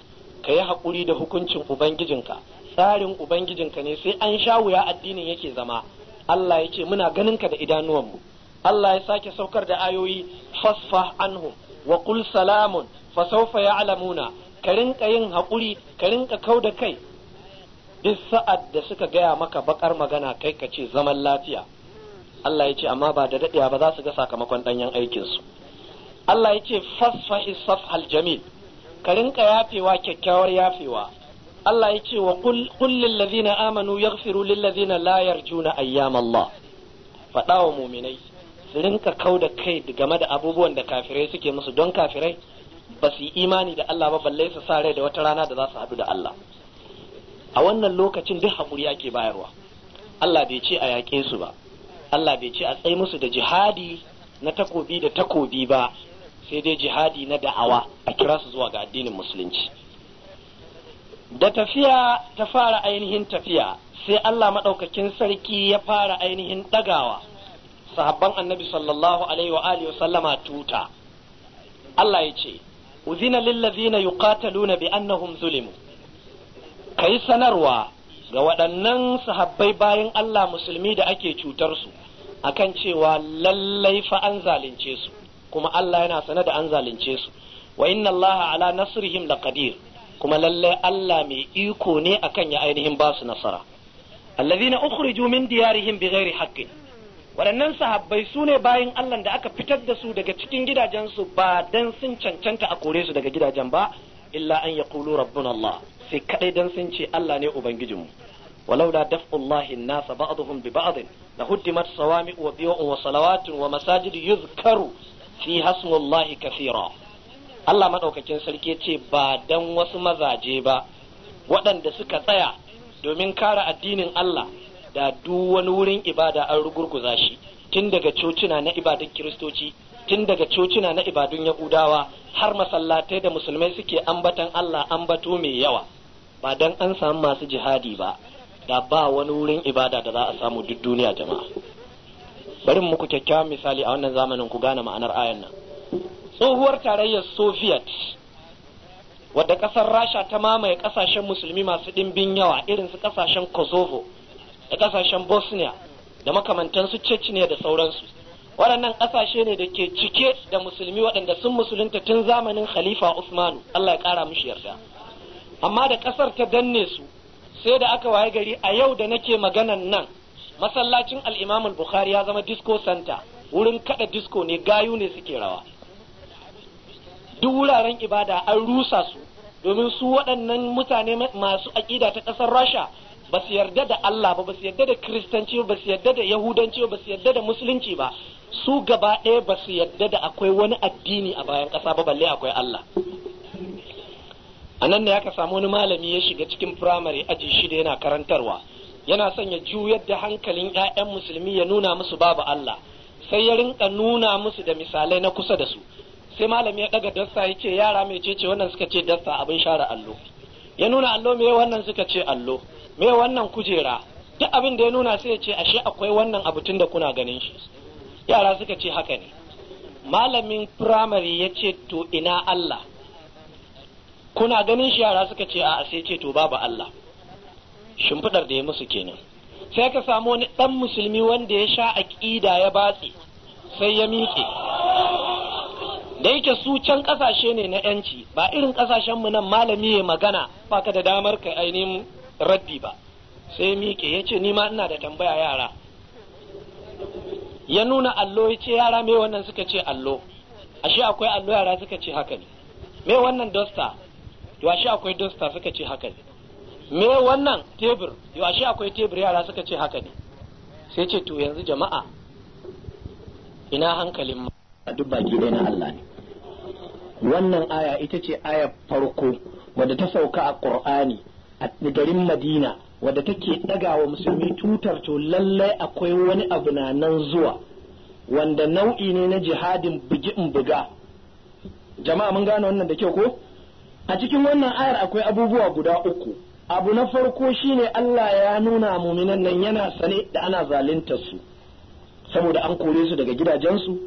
kayi hakuri da hukuncin ubangijinka tsarin ubangijinka ne sai an sha wuya addinin yake zama Allah ya ce muna ganin ka da idanuwanmu Allah ya sake saukar da ayoyi fasfa anhu wa qul salamun fa sawfa ya'lamuna ka rinka yin haƙuri ka rinka kau da kai duk sa'ad da suka gaya maka bakar magana kai ka ce zaman lafiya Allah ya ce amma ba da daɗewa ba za su ga sakamakon ɗanyen aikinsu Allah ya ce fasfahi safhal jamil ka rinka yafewa kyakkyawar yafewa Allah ya ce wa kullin lazina amanu yaghfiru lil lazina la yarjuna ayyam faɗa wa muminai su rinka kau da kai game da abubuwan da kafirai suke musu don kafirai ba su yi imani da Allah ba balle su sa rai da wata rana da za su haɗu da Allah a wannan lokacin duk haƙuri ake bayarwa Allah bai ce a yaƙe su ba Allah bai ce a tsaye musu da jihadi na takobi da takobi ba sai dai jihadi na da'awa a kira su zuwa ga addinin musulunci da tafiya ta fara ainihin tafiya sai Allah maɗaukakin sarki ya fara ainihin ɗagawa sahabban annabi sallallahu alaihi wa alihi sallama tuta Allah ya ce uzina lillazina yuqataluna bi annahum zulimu kai sanarwa ga waɗannan sahabbai bayan Allah musulmi da ake cutar su akan cewa lallai fa an zalunce su kuma Allah yana sane da an zalunce su wa inna Allah ala nasrihim laqadir kuma lallai Allah mai iko ne akan ya ainihin ba su nasara alladhina ukhriju min diyarihim bighairi haqqin waɗannan sahabbai su ne bayan Allah da aka fitar da su daga cikin gidajensu ba dan sun cancanta a kore su daga gidajen ba illa an yaqulu rabbuna Allah sai kadai dan sun ce Allah ne ubangijinmu walau da daf'ullahi nasa ba'dhum bi ba'd la huddimat sawami wa biya'u wa salawatun wa masajid yuzkaru fi kafira. Allah madaukakin sarki ce ba dan wasu mazaje ba waɗanda suka tsaya domin kare addinin Allah da duk wani wurin ibada an rugurguza shi tun daga cocina na ibadun kiristoci tun daga cocina na ibadun yahudawa har masallatai da musulmai suke ambatan Allah ambato mai yawa ba dan an samu masu jihadi ba da ba wani wurin ibada da za a samu duk duniya jama'a bari muku kyakkyawan misali a wannan zamanin ku gane ma'anar ayan nan tsohuwar tarayyar soviet wadda kasar rasha ta mamaye kasashen musulmi masu ɗimbin yawa irin su kasashen kosovo da kasashen bosnia da makamantansu chechnya da sauransu waɗannan ƙasashe ne da ke cike da musulmi waɗanda sun musulunta tun zamanin khalifa usmanu allah ya ƙara mushi yarda amma da ƙasar ta danne su sai da aka waye gari a yau da nake maganan nan masallacin al-Imam bukhari ya zama disco center wurin kada disco ne gayu ne suke rawa duk wuraren ibada an rusa su domin su waɗannan mutane masu aƙida ta ƙasar Rasha ba su yarda da Allah ba ba su yarda da kiristanci ba su yarda da yahudanci ba su yarda da musulunci ba su gaba ɗaya ba su yarda da akwai wani addini a bayan ƙasa ba balle akwai Allah a nan ne aka samu wani malami ya shiga cikin firamare aji shida yana karantarwa yana son ya juyar da hankalin 'ya'yan musulmi ya nuna musu babu Allah sai ya rinka nuna musu da misalai na kusa da su sai malami ya daga dasta ya ce yara mai cece wannan suka ce dasta abin share allo ya nuna allo me wannan suka ce allo me wannan kujera duk abin da ya nuna sai ya ce ashe akwai wannan abu tun da kuna ganin shi yara suka ce haka ne malamin firamare ya ce to ina Allah kuna ganin shi yara suka ce a'a sai ce to babu Allah shimfidar da ya musu kenan sai ka samu wani dan musulmi wanda ya sha aqida ya batsi sai ya miƙe da yake su can kasashe ne na yanci ba irin kasashen mu nan malami ya magana baka da damar ka ainihin raddi ba sai miƙe ya ce ni ma ina da tambaya yara ya nuna allo ya ce yara me wannan suka ce allo ashe akwai allo yara suka ce haka ne me wannan dosta to ashe akwai dosta suka ce haka ne me wannan tebur to ashe akwai tebur yara suka ce haka ne sai ce to yanzu jama'a ina hankalin ma a duk baki dai na Allah ne wannan aya ita ce aya farko wadda ta sauka a Qur'ani a garin Madina wadda take ɗagawa musulmi tutar to lallai akwai wani abu na nan zuwa wanda nau'i ne na jihadin bugi in buga jama'a mun gane wannan da kyau ko a cikin wannan ayar akwai abubuwa guda uku abu na farko shine Allah ya nuna muminan nan yana sane da ana zalunta su saboda an kore su daga gidajensu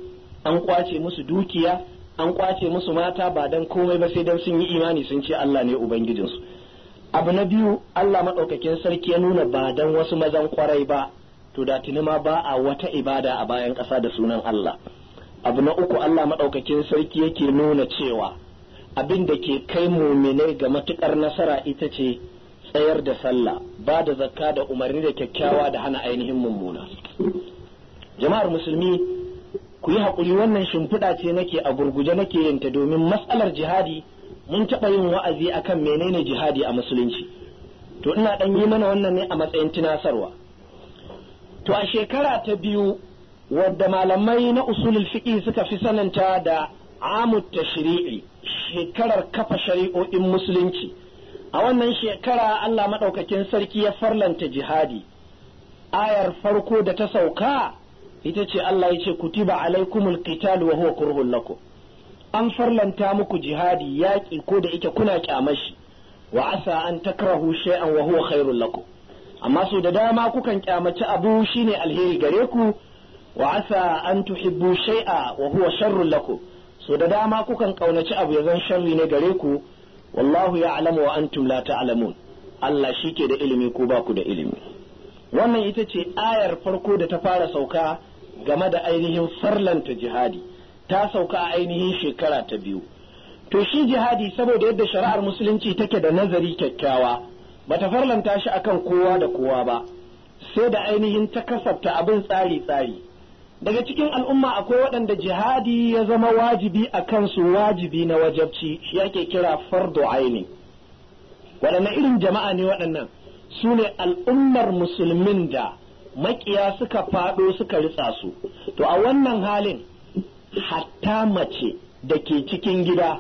an kwace musu dukiya an kwace musu mata ba dan komai ba sai dan sun yi imani sun ce Allah ne ubangijinsu abu na biyu Allah maɗaukakin sarki ya nuna ba dan wasu mazan kwarai ba to da tuni ma ba a wata ibada a bayan ƙasa da sunan Allah abu na uku Allah maɗaukakin sarki yake nuna cewa abin da ke kai muminai ga matukar nasara ita ce tsayar da sallah ba da zakka da umarni da kyakkyawa da hana ainihin mummuna jama'ar musulmi ku yi haƙuri wannan shimfiɗa ce nake a gurguje nake yinta domin matsalar jihadi mun taɓa yin wa'azi akan menene jihadi a musulunci to ina ɗan yi mana wannan ne a matsayin tunasarwa to a shekara ta biyu wadda malamai na usulul fiqh suka fi sananta da amu tashri'i shekarar kafa shari'o'in musulunci a wannan shekara Allah maɗaukakin sarki ya farlanta jihadi ayar farko da ta sauka ita ce Allah ya ce kutiba alaikumul qital wa huwa kurhul lakum an farlanta muku jihadi yaƙi ko da ike kuna ƙyamashi wa'asa wa asa an takrahu shay'an wa huwa khairul lakum amma su da dama kukan kyamaci abu shine alheri gare ku wa asa an tuhibbu shay'a wa huwa sharrul lakum so da dama kukan ƙaunaci abu ya zan sharri ne gare ku wallahu ya alamu wa antum ta ta'lamun Allah shi ke da ilimi ko ba ku da ilimi wannan ita ce ayar farko da ta fara sauka game da ainihin farlanta jihadi ta sauka a ainihin shekara ta biyu to shi jihadi saboda yadda shari'ar musulunci take da nazari kyakkyawa bata farlanta shi akan kowa da kowa ba sai da ainihin ta kasafta abin tsari tsari daga cikin al'umma akwai waɗanda jihadi ya zama wajibi a kansu wajibi na wajabci shi ake kira fardu aini waɗanne irin jama'a ne waɗannan su ne al'ummar musulmin da makiya suka faɗo suka ritsa su to a wannan halin hatta mace da ke cikin gida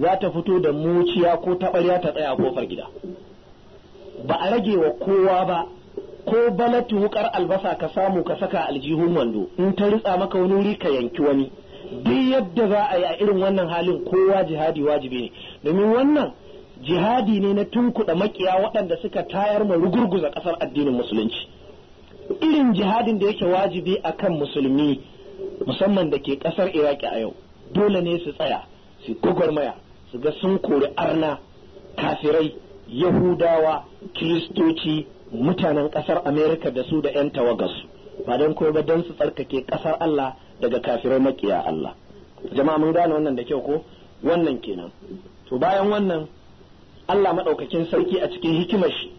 za ta fito da muciya ko taɓarya ta tsaya a kofar gida ba a rage wa kowa ba ko balatu wukar albasa ka samu ka saka aljihun wando in ta ritsa maka wani wuri ka yanki wani duk yadda za a yi a irin wannan halin kowa jihadi wajibi ne domin wannan jihadi ne na tunkuɗa makiya waɗanda suka tayar ma rugurguza ƙasar addinin musulunci irin jihadin da yake wajibi a kan musulmi musamman da ke ƙasar iraki a yau dole ne su tsaya su gwagwarmaya su ga sun kori arna kafirai yahudawa kiristoci mutanen ƙasar Amerika da su da 'yan tawagarsu ba don ko ba don su tsarkake ƙasar Allah daga kafirai makiya Allah jama'a mun gane wannan da kyau ko wannan kenan to bayan wannan Allah madaukakin sarki a cikin hikimar shi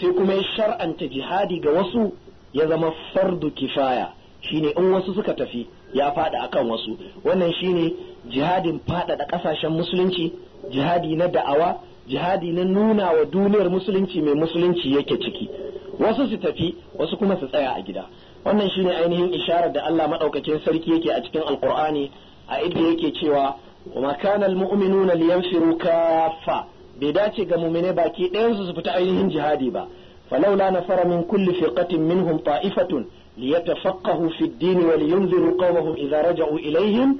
sai kuma ya shar'anta jihadi ga wasu ya zama fardu kifaya shine in wasu suka tafi ya fada akan wasu wannan shine jihadin faɗaɗa ƙasashen musulunci jihadi na da'awa jihadi na nuna wa duniyar musulunci mai musulunci yake ciki wasu su tafi wasu kuma su tsaya a gida wannan shine ainihin isharar da Allah madaukakin sarki yake a cikin alqur'ani a inda yake cewa wa kana almu'minuna liyanfiru kaffa bai dace ga mu'mine baki ɗayan su su fita ainihin jihadi ba falaula nafara min kulli firqatin minhum ta'ifatun liyatafaqahu fi ad-din wa liyunziru qawmahum idza raja'u ilayhim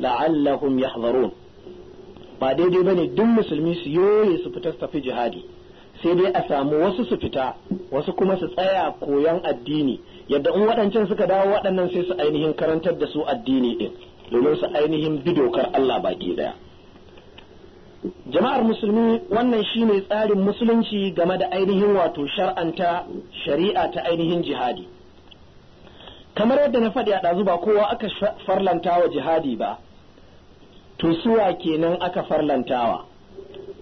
la'allahum yahdharun ba daidai bane duk musulmi su yoye su fita su tafi jihadi sai dai a samu wasu su fita wasu kuma su tsaya koyon addini yadda in waɗancan suka dawo waɗannan sai su ainihin karantar da su addini ɗin domin su ainihin bi dokar Allah baki ɗaya jama'ar musulmi wannan shine tsarin musulunci game da ainihin wato shar'anta shari'a ta ainihin jihadi kamar yadda na faɗi a ɗazu ba kowa aka farlanta wa jihadi ba to suwa kenan aka farlantawa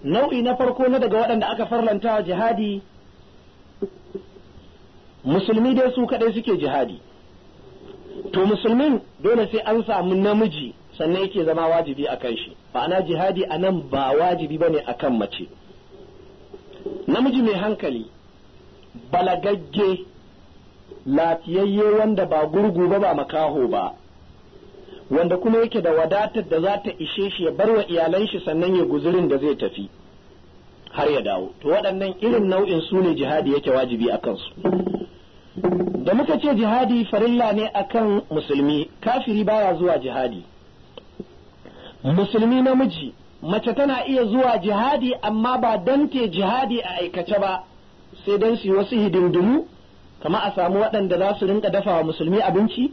nau'i na farko na daga waɗanda aka farlantawa jihadi musulmi dai su kaɗai suke jihadi to musulmin dole sai an samu namiji sannan yake zama wajibi a kan shi ma'ana jihadi a nan ba wajibi ba ne a kan mace namiji mai hankali balagagge lafiyayye wanda ba gurgu ba ba makaho ba wanda kuma yake da wadatar da za ta ishe shi ya barwa iyalan shi sannan ya guzurin da zai tafi har ya dawo to waɗannan irin nau'in su ne jihadi yake wajibi a kansu da muka ce jihadi farilla ne akan musulmi kafiri baya zuwa jihadi musulmi namiji mace tana iya zuwa jihadi amma ba don te jihadi a aikace ba sai don su yi wasu hidindimu kama a samu waɗanda za su rinka dafa wa musulmi abinci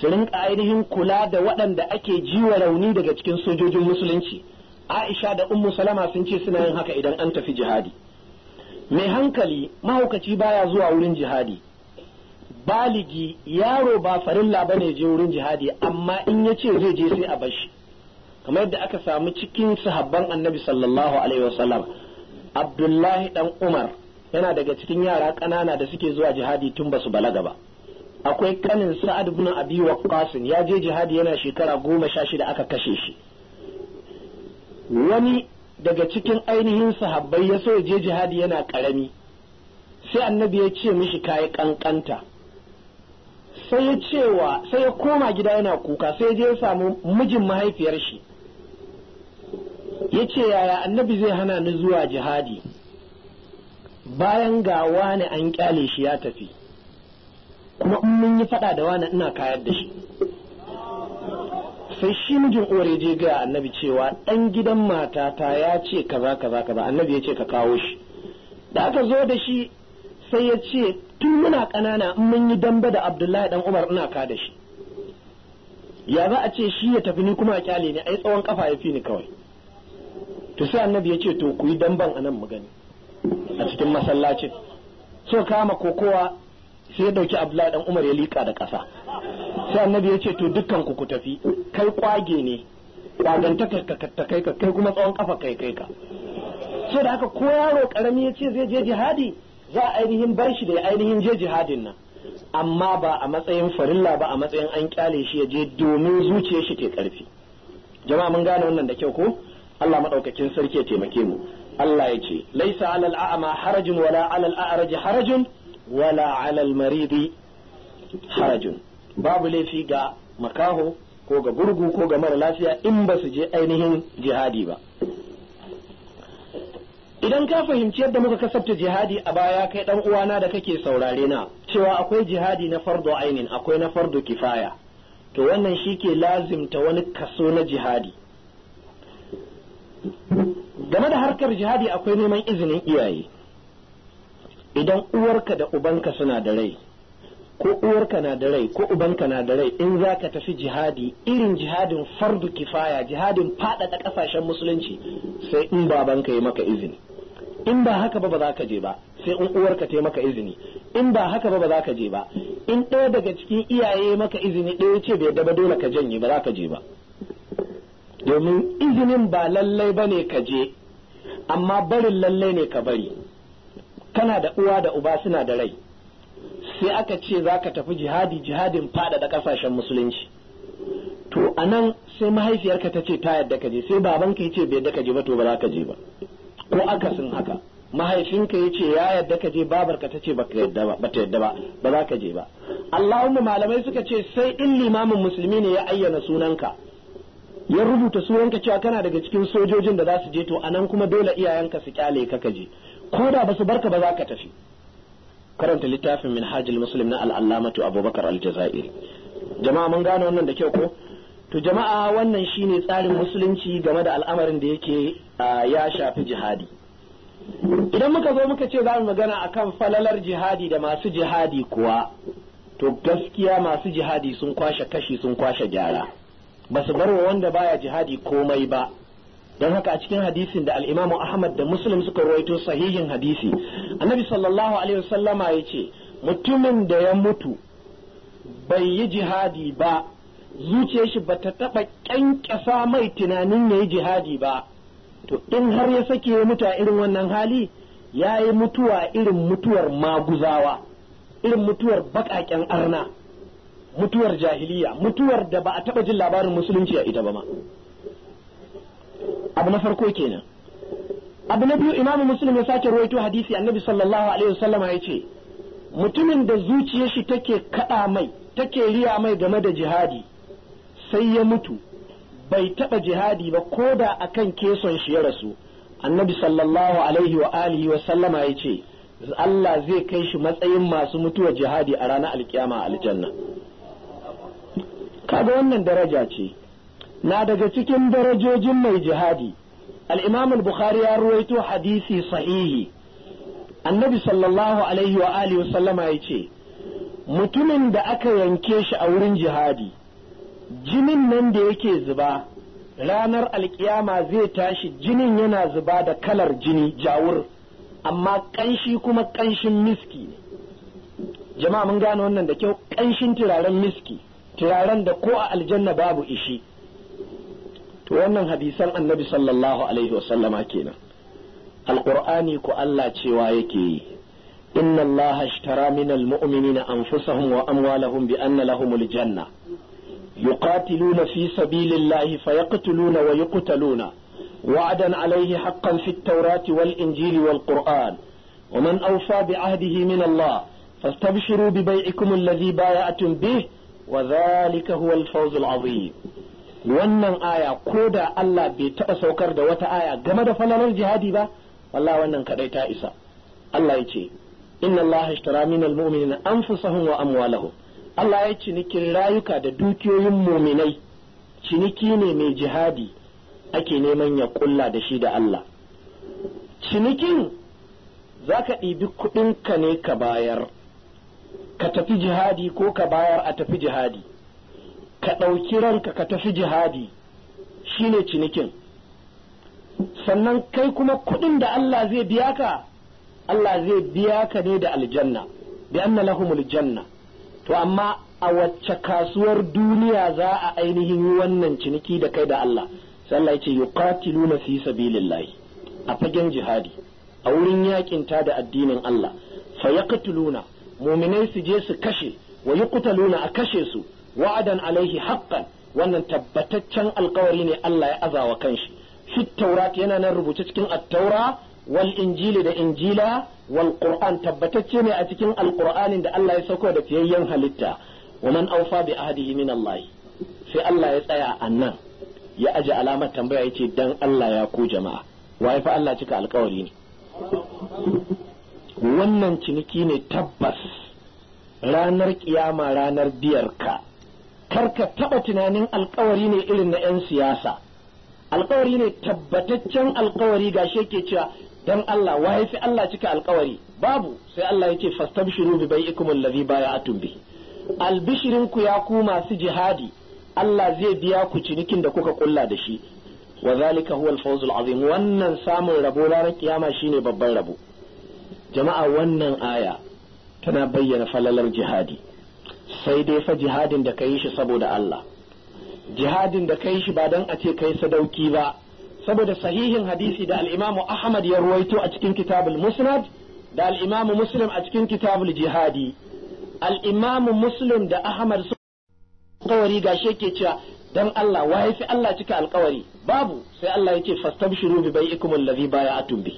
su rinka ainihin kula da waɗanda ake jiwa rauni daga cikin sojojin musulunci aisha da ummu salama sun ce suna yin haka idan an tafi jihadi mai hankali mahaukaci baya zuwa wurin jihadi baligi yaro ba farilla ba ne je wurin jihadi amma in ya ce zai je sai a bashi kamar yadda aka samu cikin sahabban annabi sallallahu alaihi wasallam abdullahi dan umar yana daga cikin yara ƙanana da suke zuwa jihadi tun ba su balaga ba akwai kanin sa'ad bin abi waqqas ya je jihadi yana shekara goma sha shida aka kashe shi wani daga cikin ainihin sahabbai ya so ya je jihadi yana karami sai annabi ya ce mishi kayi kankanta sai ya cewa sai ya koma gida yana kuka sai ya je ya samu mijin mahaifiyar shi ya ce yaya annabi zai hana ni zuwa jihadi bayan ga wani an ƙyale shi ya tafi kuma in mun yi faɗa da wani ina kayar da shi sai shi mijin ore je ga annabi cewa ɗan gidan matata ya ce kaza kaza kaza annabi ya ce ka kawo shi da aka zo da shi sai ya ce tun muna ƙanana in mun yi dambe da abdullahi dan umar ina ka da shi ya za a ce shi ya tafi ni kuma a kyale ni ai tsawon kafa ya fi ni kawai to sai annabi ya ce to ku yi damban a nan mu gani a cikin masallacin so kama kokowa sai ya dauki abdullahi dan umar ya lika da kasa sai annabi ya ce to dukkan ku ku tafi kai kwage ne ta ka kai ka kai kuma tsawon kafa kai kai ka Sai da haka ko yaro karami ya ce zai je jihadi za a ainihin bar shi da ya ainihin je jihadin nan amma ba a matsayin farilla ba a matsayin an kyale shi ya je domin zuciyar shi ke karfi jama'a mun gane wannan da kyau ko Allah madaukakin sarki ya taimake mu Allah ya ce laisa alal a'ma harajun wala alal a'raji harajun wala ala al harajun babu laifi ga makaho ko ga gurgu ko ga mara lafiya in ba su je ainihin jihadi ba idan ka fahimci yadda muka kasabta jihadi a baya kai dan uwana da kake saurare na cewa akwai jihadi na fardo ainin akwai na fardo kifaya to wannan shi ke lazimta wani kaso na jihadi game da harkar jihadi akwai neman izinin iyaye idan uwarka da ubanka suna da rai ko uwarka na da rai ko ubanka na da rai in za ka tafi jihadi irin jihadin fardu kifaya jihadin faɗaɗa ƙasashen musulunci sai in babanka ya maka izini in ba haka ba ba za ka je ba sai in uwarka ta maka izini in ba haka ba ba za ka je ba in ɗaya daga cikin iyaye maka izini ɗaya ce bai daba dole ka janye ba za ka je ba domin izinin ba lallai ba ne ka je amma barin lallai ne ka bari kana da uwa da uba suna da rai sai aka ce za ka tafi jihadi jihadin fada da kasashen musulunci to a nan sai mahaifiyarka ta ce ta yadda ka je sai babanka ya ce bai yadda ka je ba to ba za ka je ba ko akasin haka mahaifinka ya ce ya yadda ka je babarka ta ce ba ta yadda ba ba za ka je ba Allahumma malamai suka ce sai in limamin musulmi ne ya ayyana sunanka ya rubuta sunanka cewa kana daga cikin sojojin da za su je to anan kuma dole iyayenka su kyale ka ka je ko da ba su barka ba za ka tafi karanta littafin min hajjil muslim na al'allamatu abubakar aljazairi jama'a mun gane wannan da kyau ko to jama'a wannan shine tsarin musulunci game da al'amarin da yake ya shafi jihadi idan muka zo muka ce za mu magana akan falalar jihadi da masu jihadi kuwa to gaskiya masu jihadi sun kwashe kashi sun kwashe gyara ba su bar wa wanda baya jihadi komai ba don haka a cikin hadisin da al'imamu ahmad da muslim suka rawaito sahihin hadisi annabi sallallahu alaihi wasallama ya ce mutumin da ya mutu bai yi jihadi ba zuciyar shi ta taɓa ƙyanƙyasa mai tunanin ya yi jihadi ba to in har ya sake ya mutu a irin wannan hali ya yi mutuwa irin mutuwar maguzawa irin mutuwar baƙaƙen arna mutuwar jahiliya mutuwar da ba a taɓa jin labarin musulunci a ita ba ma abu na farko kenan abu na biyu imamu muslim ya sake ruwaito hadisi annabi sallallahu alaihi wasallam ya ce mutumin da zuciyar shi take kada mai take riya mai game da jihadi sai ya mutu bai taba jihadi ba ko da akan keson shi ya rasu annabi sallallahu alaihi wa alihi wa sallama ya ce Allah zai kai shi matsayin masu mutuwa jihadi a ranar alkiyama aljanna kaga wannan daraja ce na daga cikin darajojin mai jihadi al al-bukhari ya ruwaito hadisi sahihi annabi sallallahu alaihi wa alihi sallama ya ce mutumin da aka yanke shi a wurin jihadi jinin nan da yake zuba ranar alkiyama zai tashi jinin yana zuba da kalar jini jawur amma kanshi kuma kanshin miski ne jama'a mun gane wannan da kyau kanshin turaren miski turaren da ko a aljanna babu ishi to wannan hadisan annabi sallallahu alaihi wasallam kenan alqur'ani ko Allah cewa yake yi inna allaha ashtara minal mu'minina anfusahum wa amwalahum bi anna lahumul janna يقاتلون في سبيل الله فيقتلون wal وعدا عليه حقا في التوراة والإنجيل والقرآن ومن أوفى بعهده من الله فاستبشروا ببيعكم الذي بايعتم به وذلك هو الفوز العظيم wannan aya ko da Allah bai taɓa saukar da wata aya game da falalar jihadi ba wallahi wannan kadai ta isa Allah ya ce inna Allah ishtara minal mu'minina anfusahum wa amwalahum Allah ya cinikin rayuka da dukiyoyin muminai ciniki ne mai jihadi ake neman ya kulla da shi da Allah cinikin za ka ɗibi kuɗinka ne ka bayar ka tafi jihadi ko ka bayar a tafi jihadi ka ɗauki ranka ka tafi jihadi shine cinikin sannan kai kuma kuɗin da Allah zai biya ka Allah zai biya ka ne da aljanna bi anna lahumul janna to amma a wacce kasuwar duniya za a ainihin wannan ciniki da kai da Allah sai Allah yace yuqatiluna fi sabilillahi a fagen jihadi a wurin yakin da addinin Allah fa yaqtuluna mu'minai su je su kashe wa yuqtaluna a kashe su wa'adan alaihi haqqan wannan tabbataccen alkawari ne Allah ya azawa kanshi shi. taurat yana nan rubuce cikin at-taura wal injili da injila wal qur'an tabbatacce ne a cikin alqur'anin da Allah ya sako da fiyayyen halitta wa man awfa bi ahdihi min Allah sai Allah ya tsaya annan ya aje alamar tambaya yace dan Allah ya ku jama'a Waye fa Allah cika alkawari ne wannan ciniki ne tabbas ranar kiyama ranar biyarka karka taɓa tunanin alkawari ne irin na 'yan siyasa alkawari ne tabbataccen alkawari ga shi yake cewa dan Allah wa yafi Allah cika alkawari babu sai Allah yake fastabshiru bi bai'ikum allazi baya'atum bihi albishirin ku ya ku masu jihadi Allah zai biya ku cinikin da kuka kulla da shi wa zalika huwa al azim wannan samun rabo ranar kiyama shine babban rabo jama'a wannan aya tana bayyana falalar jihadi sai dai fa jihadin da ka yi shi saboda Allah jihadin da ka yi shi ba don a ce kai sadauki ba saboda sahihin hadisi da al'imamu Ahmad ya ruwaito a cikin kitabul musnad da al'imamu Muslim a cikin kitabul jihadi al'imamu Muslim da Ahmad su alkawari ga ke cewa dan Allah wa fi Allah cika alkawari babu sai Allah yake fastabshiru bi bai'ikum allazi baya bi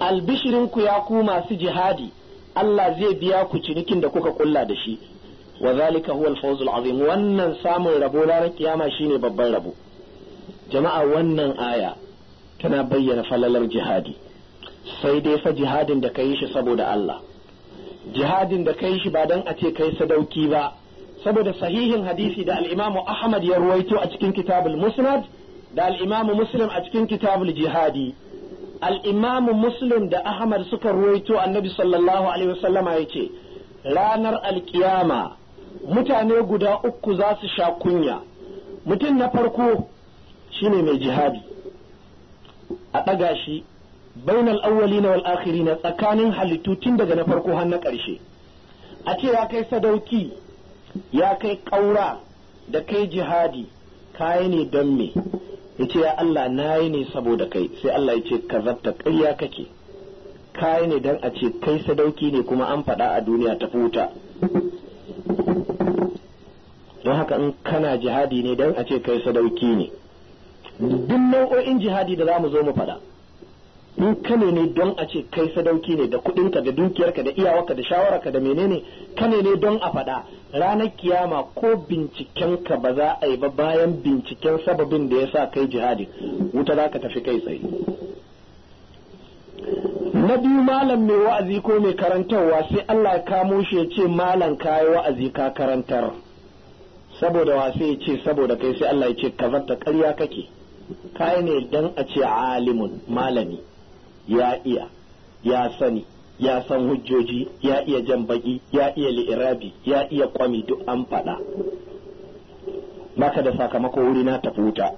albishirin ku ya ku masu jihadi Allah zai biya ku cinikin da kuka kulla da shi wa zalika huwa al azim wannan samun rabo ranar kiyama shine babban rabo jama'a wannan aya tana bayyana falalar jihadi sai dai fa jihadin da kai shi saboda Allah jihadin da kai shi ba dan a ce kai sadauki ba saboda sahihin hadisi da al-Imam Ahmad ya ruwaito a cikin kitabul Musnad da al-Imam Muslim a cikin kitabul Jihadi al-Imam Muslim da Ahmad suka ruwaito Annabi sallallahu alaihi wasallama yace ranar alkiyama mutane guda uku za su sha kunya mutum na farko shine mai jihadi a ɗaga shi bainal awwali na wal'akhiri na tsakanin halittu tun daga na farko har na ƙarshe a ce ya kai sadauki ya kai ƙaura da kai jihadi kayi ne don me ya ce ya Allah na yi ne saboda kai sai Allah ya ce ka zabta ƙarya kake kayi ne don a ce kai sadauki ne kuma an faɗa a duniya ta fota? don haka in kana jihadi ne don a ce kai sadauki ne duk nau'o'in jihadi da za mu zo mu faɗa in kane ne don a ce kai sadauki ne da kuɗinka da dukiyarka da iyawarka da shawararka da menene kane ne don a faɗa ranar kiyama ko bincikenka ba za a yi ba bayan binciken sababin da ya sa kai jihadi wuta za ka tafi kai tsaye na biyu malam mai wa'azi ko mai karantarwa sai Allah ya kamo shi ya ce malam ka yi wa'azi ka karantar saboda wa sai ya ce saboda kai sai Allah ya ce ka zarta karya kake kai ne dan a ce alimun malami ya iya ya sani ya san hujjoji ya iya jan baki ya iya li'irabi ya iya kwami duk an faɗa maka da sakamako wuri na tafi wuta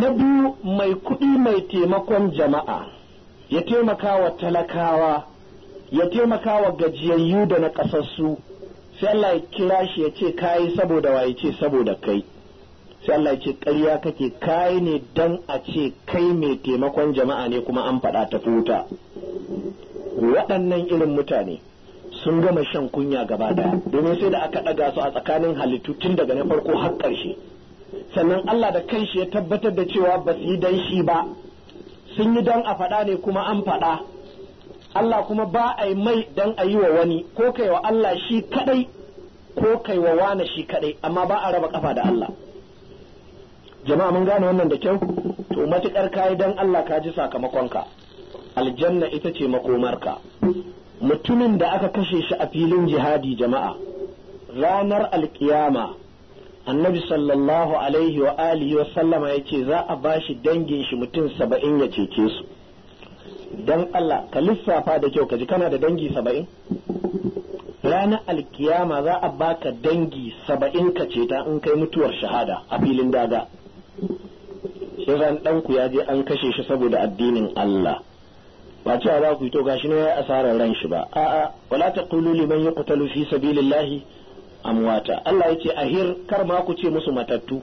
na biyu mai kuɗi mai taimakon jama'a ya taimaka wa talakawa ya taimaka wa gajiyayyu da na ƙasassu sai Allah ya kira shi ya ce kayi saboda wa ya ce saboda kai sai Allah ya ce ƙarya kake kayi ne dan a ce kai mai taimakon jama'a ne kuma an faɗa ta wuta waɗannan irin mutane sun gama shan kunya gaba domin sai da aka ɗaga su a tsakanin halittu tun daga na farko har ƙarshe sannan Allah da kanshi ya tabbatar da cewa ba su yi dan shi ba sun yi dan a faɗa ne kuma an faɗa Allah kuma ba a yi mai dan a yi wa wani ko kai wa Allah shi kaɗai ko kai wa wani shi kaɗai, amma ba a raba ƙafa da Allah jama'a mun gane wannan da kyau to matukar kayi dan Allah ka ji sakamakonka aljanna ita ce makomarka mutumin da aka kashe shi a filin jihadi jama'a ranar alkiyama annabi sallallahu alaihi wa alihi wa sallama ya ce za a bashi dangin shi mutum saba'in ya cece su don Allah ka lissafa da kyau ka ji kana da dangi saba'in ranar alkiyama za a baka dangi saba'in ka ceta in kai mutuwar shahada a filin daga sai ran ya je an kashe shi saboda addinin Allah ba cewa za ku yi to gashi ne ya asarar ran shi ba a'a wala taqulu liman yuqtalu fi sabilillahi amwata Allah ce ahir kar ma ku ce musu matattu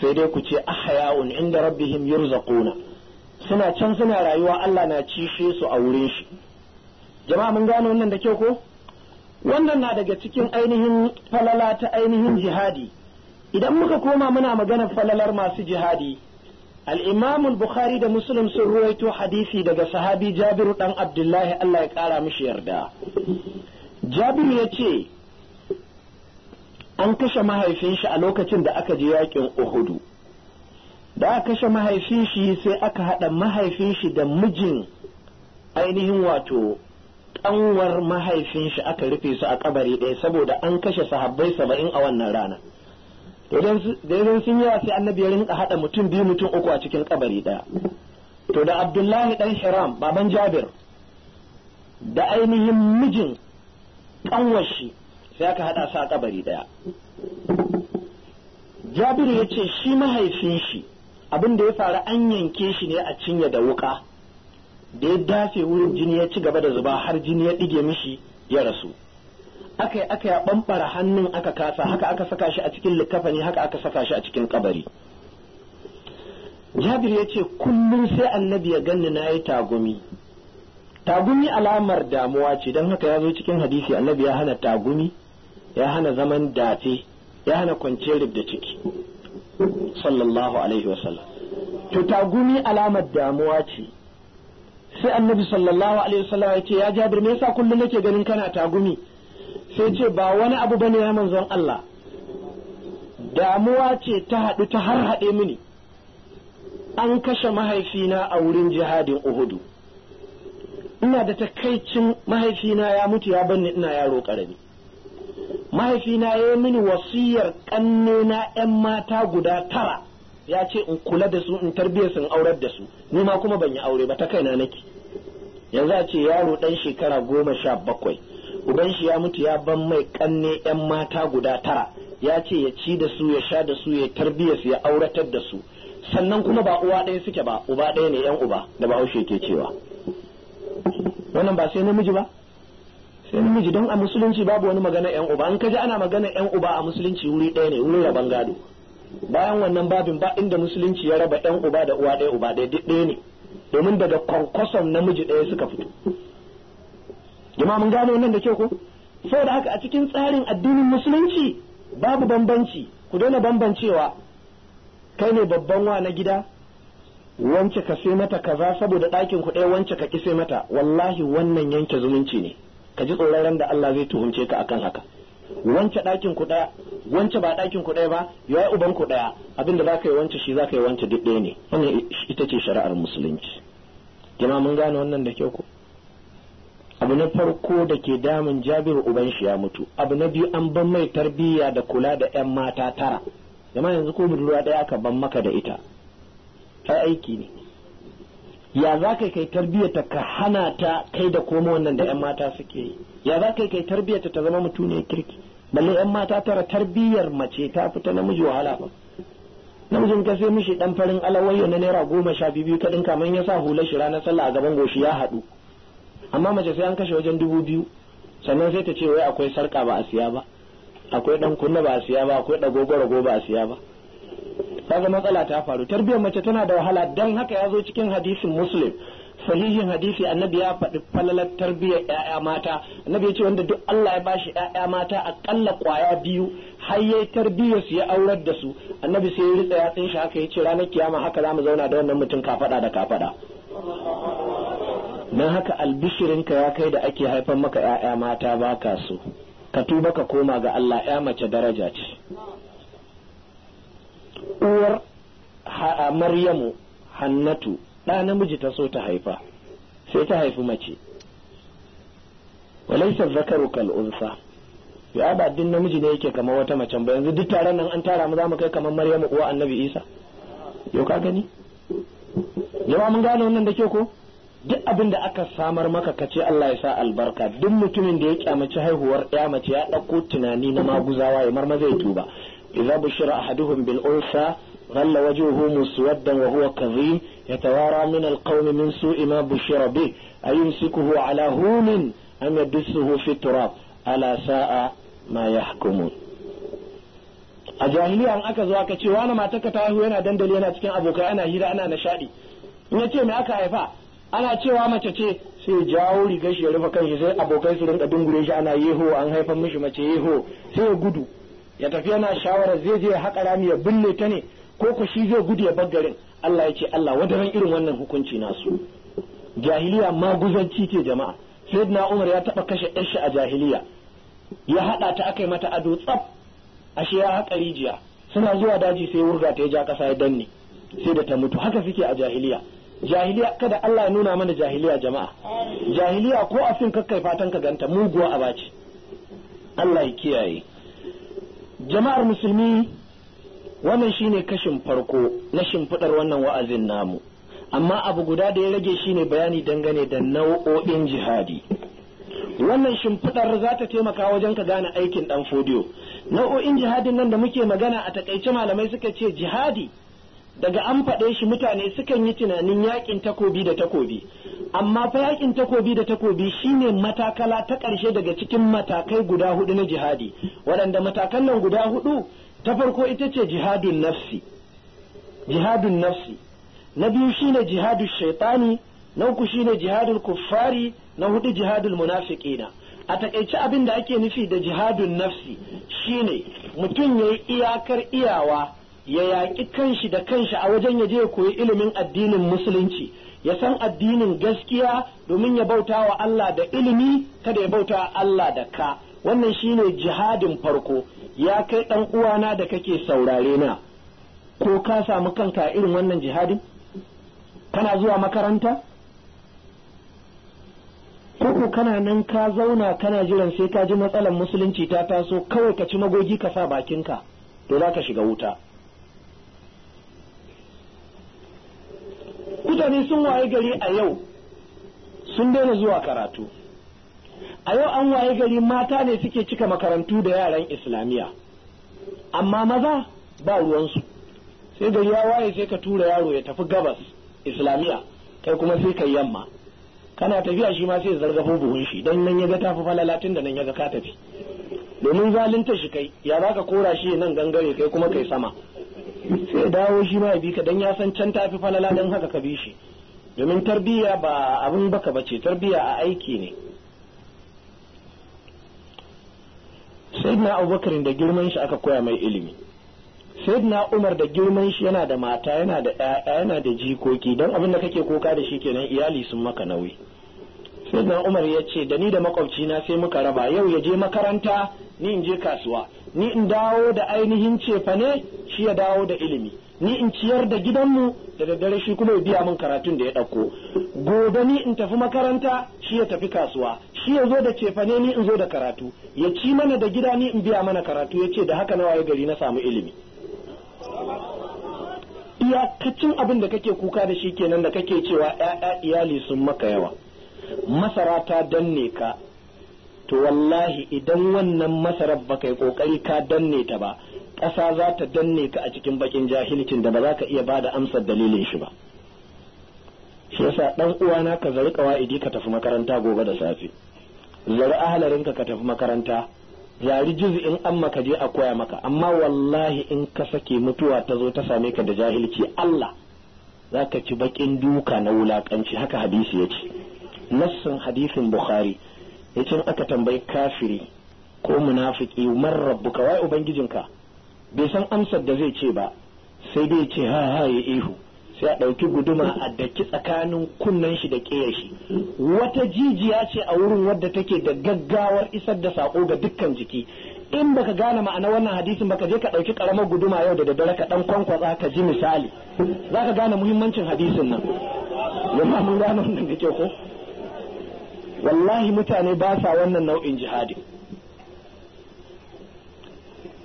sai dai ku ce ahyaun inda rabbihim yurzaquna suna can suna rayuwa Allah na cishe su a wurin shi jama'a mun gano wannan da kyau ko wannan na daga cikin ainihin falala ta ainihin jihadi idan muka koma muna maganar falalar masu jihadi al-imam bukhari da muslim sun ruwaito hadisi daga sahabi jabiru dan abdullahi Allah ya kara mishi yarda jabiru ya ce an kashe mahaifin shi a lokacin da aka je yakin uhudu da aka kashe mahaifin shi sai aka haɗa mahaifin shi da mijin ainihin wato ƙanwar mahaifin shi aka rufe su a kabari ɗaya saboda an kashe sahabbai saba'in a wannan rana da idan sun yawa sai annabi ya rinka haɗa mutum biyu mutum uku a cikin kabari ɗaya to da abdullahi ɗan hiram baban jabir da ainihin mijin ƙanwar shi sai aka hada su kabari daya jabiru ya ce shi mahaifin shi abin da ya faru an yanke shi ne a cinye da wuka da ya dafe wurin jini ya ci gaba da zuba har jini ya ɗige mishi ya rasu aka yi aka ya ɓamɓara hannun aka kasa haka aka saka shi a cikin likafani haka aka saka shi a cikin kabari jabir ya ce kullum sai annabi ya ganni na yi tagumi tagumi alamar damuwa ce don haka ya zo cikin hadisi annabi ya hana tagumi ya hana zaman dafe ya hana kwanciyar da ciki sallallahu alaihi wasallam to tagumi alamar damuwa ce sai annabi sallallahu alaihi wasallam ya ce ya jabir me yasa kullum nake ganin kana tagumi sai ce ba wani abu bane ya manzon Allah damuwa ce ta hadu ta har haɗe mini an kashe mahaifina a wurin jihadin Uhudu ina da takaicin mahaifina ya mutu ya banni ina yaro karami mahaifina ya yi mini wasiyar ƙannena 'yan mata guda tara ya ce in kula da su in tarbiyyar su aurar da su ni ma kuma ban yi aure ba ta kaina nake yanzu a ce yaro ɗan shekara goma sha bakwai uban shi ya mutu ya ban mai ƙanne yan mata guda tara ya ce ya ci da su ya sha da su ya tarbiyyar su ya auratar da su sannan kuma ba uwa ɗaya suke ba uba ɗaya ne yan uba da bahaushe ke cewa wannan ba sai namiji ba sai namiji don a musulunci babu wani magana yan uba an kaje ana magana yan uba a musulunci wuri ɗaya ne wurin rabon gado bayan wannan babin ba inda musulunci ya raba yan uba da uwa ɗaya uba ɗaya ɗaya ne domin daga kwankwason namiji ɗaya suka fito jama mun nan wannan da kyau ko saboda haka a cikin tsarin addinin musulunci babu bambanci ku daina bambancewa kai ne babban wa na gida wance ka sai mata kaza saboda ɗakin ku ɗaya wance ka ki sai mata wallahi wannan yanke zumunci ne ka ji tsoron ran da Allah zai tuhunce ka akan haka wance ɗakin ku ɗaya wance ba ɗakin ku ɗaya ba ya uban ku ɗaya abinda za ka yi wance shi za ka yi wance duk ɗaya ne wannan ita ce shari'ar musulunci jama mun gane wannan da kyau ko abu na farko da ke damun jabiru uban shi ya mutu abu na biyu an ban mai tarbiyya da kula da yan mata tara jama yanzu ko budurwa ɗaya aka ban maka da ita ai aiki ne ya za ka kai tarbiyyata ka hana ta kai da koma wannan da yan mata suke yi ya za ka kai tarbiyyata ta zama ne kirki balle yan mata tara tarbiyyar mace ta fita namiji wahala ba namijin ka sai mishi dan farin alawayyo na naira goma sha biyu kadin kaman ya sa hular shi ranar sallah a gaban goshi ya haɗu amma mace sai an kashe wajen dubu biyu sannan sai ta ce wai akwai sarka ba a siya ba akwai dan kunna ba a siya ba akwai ɗagogo rago ba a siya ba kaga matsala ta faru tarbiyyar mace tana da wahala dan haka ya zo cikin hadisin muslim sahihin hadisi annabi ya faɗi falalar tarbiyyar ƴaƴa mata annabi ya ce wanda duk Allah ya bashi ƴaƴa mata akalla ƙwaya biyu har yayi tarbiyyar su ya aurar da su annabi sai ya ritsa yatsun shi haka ya ce ranar kiyama haka za mu zauna da wannan mutum kafada da kafaɗa. dan haka albishirinka ya kai da ake haifan maka ƴaƴa mata baka so ka tuba ka koma ga Allah ƴa mace daraja ce uwar maryamu hannatu ɗa namiji ta so ta haifa sai ta haifi mace walaisa zakaru kal unsa ya ba din namiji ne yake kamar wata macen ba yanzu duk taron nan an tara mu za mu kai kamar maryamu uwa annabi isa yau ka gani yawa mun gane wannan da ke ko duk abin da aka samar maka kace Allah ya sa albarka duk mutumin da ya kyamaci haihuwar ya mace ya ɗauko tunani na maguzawa ya marmaza ya tuba إذا بشر أحدهم بالأنثى غل وجهه مسودا وهو كظيم يتوارى من القوم من سوء ما بشر به أيمسكه على هون أم يدسه في التراب ألا ساء ما يحكمون a jahiliya an aka zo aka ce wani matar ka ta haihu yana dandali yana cikin abokai ana hira ana nishaɗi in ya ce me aka haifa ana cewa mace ce sai jawo rigar shi ya rufe kanshi sai abokai su rinka dungure shi ana yeho an haifan mishi mace yeho sai ya gudu ya tafi yana shawara zai je ya haƙa rami ya binne ta ne ko ku shi zai gudu ya bar garin Allah ya ce Allah wadaran irin wannan hukunci nasu jahiliya maguzanci ce jama'a sayyidina Umar ya taba kashe shi a jahiliya ya haɗa ta akai mata ado tsaf ashe ya haƙa rijiya suna zuwa daji sai wurga ta ya ja kasa ya danne sai da ta mutu haka suke a jahiliya jahiliya kada Allah ya nuna mana jahiliya jama'a jahiliya ko a fin kakkai fatan ka ganta muguwa a baci Allah ya kiyaye jama'ar musulmi wannan shine kashin farko na shimfiɗar wannan wa'azin namu amma abu guda da ya rage shine bayani dangane da nau'o'in jihadi wannan shimfiɗar za ta taimaka wajen ka gane aikin dan fodiyo nau'o'in jihadin nan da muke magana a takaice malamai suka ce jihadi daga an faɗe shi mutane sukan yi tunanin yakin takobi da takobi amma fa yakin takobi da takobi shine matakala ta ƙarshe daga cikin matakai guda hudu na jihadi waɗanda matakan nan guda hudu ta farko ita ce jihadun nafsi jihadun nafsi na biyu shine jihadun shaitani na uku shine jihadun kuffari na hudu jihadun munafiqina a takaice abin da ake nufi da jihadun nafsi shine mutum yayi iyakar iyawa ya yaƙi kanshi da kanshi a wajen ya je koyi ilimin addinin musulunci ya san addinin gaskiya domin ya bauta wa Allah da ilimi kada ya bauta Allah da ka wannan shine jihadin farko ya kai ɗan uwana da kake saurare na ko ka samu kanka irin wannan jihadin kana zuwa makaranta ko kana nan ka zauna kana jiran sai ka ji matsalar musulunci ta taso kawai ka ci magogi ka sa bakinka to za ka shiga wuta mutane sun waye gari a yau sun daina zuwa karatu a yau an waye gari mata ne suke cika makarantu da yaran islamiyya amma maza ba ruwansu sai gari ya waye sai ka tura yaro ya tafi gabas islamiyya kai kuma sai ka yamma kana tafiya shi ma sai zargafo buhun shi don nan ya ga tafi falalatin da nan ya ga ka tafi domin zalunta shi kai ya baka kora shi nan gangare kai kuma kai sama sai dawo shi ma ya bi ka dan ya san can tafi falala dan haka ka bi shi domin tarbiyya ba abin baka bace tarbiyya a aiki ne sayyidina abubakar da girman shi aka koya mai ilimi na umar da girman shi yana da mata yana da ɗaya yana da jikoki don abin da kake koka da shi kenan iyali sun maka nauyi sai umar ya ce da ni da makwabcina sai muka raba yau ya je makaranta ni in je kasuwa ni in dawo da ainihin cefa ne shi ya dawo da ilimi ni in ciyar da gidanmu da daddare shi kuma ya biya min karatun da ya ɗauko gobe ni in tafi makaranta shi ya tafi kasuwa shi ya zo da cefa ne ni in zo da karatu ya ci mana da gida ni in biya mana karatu ya ce da haka na waye gari na samu ilimi iyakacin abin da kake kuka da shi kenan da kake cewa 'ya'ya iyali sun maka yawa masara ta danne ka to wallahi idan wannan masara ba kai kokari ka danne ta ba ƙasa za ta danne ka a cikin bakin jahilcin da ba za ka iya ba da amsar dalilin shi ba shi yasa dan uwana ka zari idi ka tafi makaranta gobe da safe zari ahalarinka ka tafi makaranta zari juzi in amma ka je a koya maka amma wallahi in ka sake mutuwa ta zo ta same ka da jahilci Allah za ka ci bakin duka na wulakanci haka hadisi ya ce nassin hadisin bukhari yace aka tambayi kafiri ko munafiki man rabbuka wai ubangijinka bai san amsar da zai ce ba sai dai ce ha ha ya ihu sai a ɗauki guduma a daki tsakanin kunnen shi da ƙeyar shi wata jijiya ce a wurin wadda take da gaggawar isar da sako ga dukkan jiki in baka gane ma'ana wannan hadisin baka je ka ɗauki ƙaramar guduma yau da daddare ka ɗan kwankwasa ka ji misali za ka gane muhimmancin hadisin nan yamma mun gane wannan da ke ko wallahi mutane ba sa wannan nau'in jihadi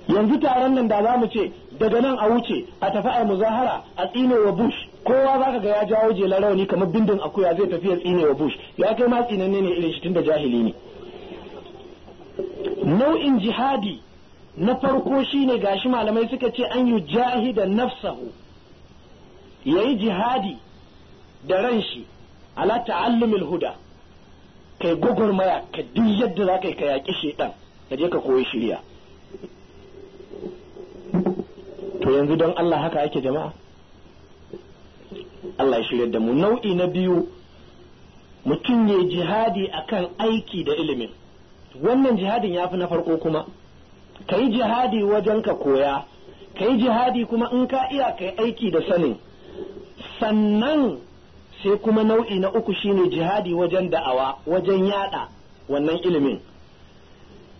yanzu taron nan da za mu ce daga nan a wuce a tafi a muzahara a tsine wa bush kowa za ka ga ya jawo jelar rauni kamar bindin akuya zai tafi ya tsine wa bush ya kai ma tsinanne ne irin shi tun da jahili ne nau'in jihadi na farko shine shi malamai suka ce an yi jahida nafsahu yi jihadi da ran shi ala ta'allumil huda kai gwagwarmaya ka duk yadda za ka yi ka yaƙi shaidan ka je ka koyi shirya to yanzu don Allah haka ake jama'a Allah ya shirya da mu nau'i na biyu mutum ya jihadi akan aiki da ilimin wannan jihadin ya fi na farko kuma ka yi jihadi wajen ka koya ka yi jihadi kuma in ka iya ka aiki da sanin sannan sai kuma nau'i na uku shine jihadi wajen da'awa wajen yada wannan ilimin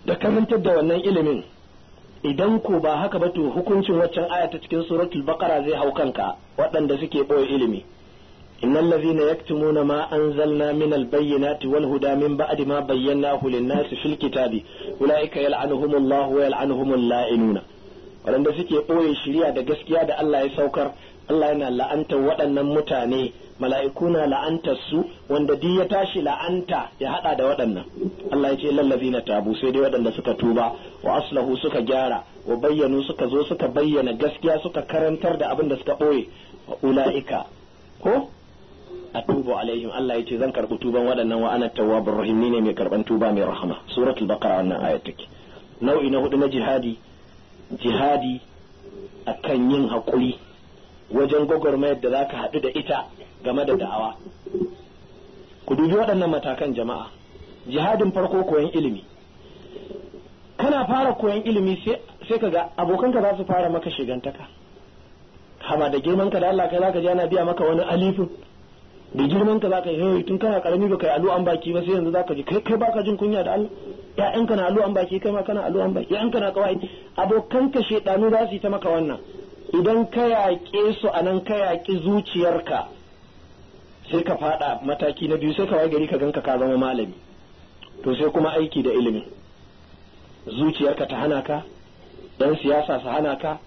da karantar da wannan ilimin idan ko ba haka ba to hukuncin waccan aya ta cikin suratul baqara zai hau kanka waɗanda suke boye ilimi innal ladhina yaktumuna ma anzalna minal bayyinati wal huda min ba'di ma bayyanahu lin-nasi fil kitabi ulaika yal'anuhumullahu wa yal'anuhumul la'inuna waɗanda suke ɓoye shiriya da gaskiya da Allah ya saukar Allah yana la'antar waɗannan mutane mala'iku na la'antar su wanda duk ya tashi la'anta ya hada da waɗannan Allah ya ce lallabi na tabu sai dai waɗanda suka tuba wa aslahu suka gyara wa bayyanu suka zo suka bayyana gaskiya suka karantar da abin da suka ɓoye wa ula'ika ko a tuba alaihim Allah ya ce zan karɓi tuban waɗannan wa ana tawwabur rahim ne mai karɓan tuba mai rahama suratul baqara wannan ayat take nau'i na hudu na jihadi jihadi akan yin haƙuri wajen gwagwarmayar da zaka haɗu da ita game da da'awa ku dubi waɗannan matakan jama'a jihadin farko koyon ilimi kana fara koyon ilimi sai ka ga abokanka za su fara maka shigantaka haba da girman ka da Allah kai zaka je ana biya maka wani alifin da girman ka zaka yi tun kana karami kai alu an baki ba sai yanzu zaka ji kai kai baka jin kunya da Allah ƴaƴanka na an baki kai ma kana an baki ƴaƴanka na kawai abokanka shedanu za su yi ta maka wannan idan ka yaƙe su anan ka yaƙi zuciyarka sai ka fada mataki na biyu sai ka waye gari ka ganka ka zama malami to sai kuma aiki da ilimi zuciyarka ta hana ka dan siyasa su hana ka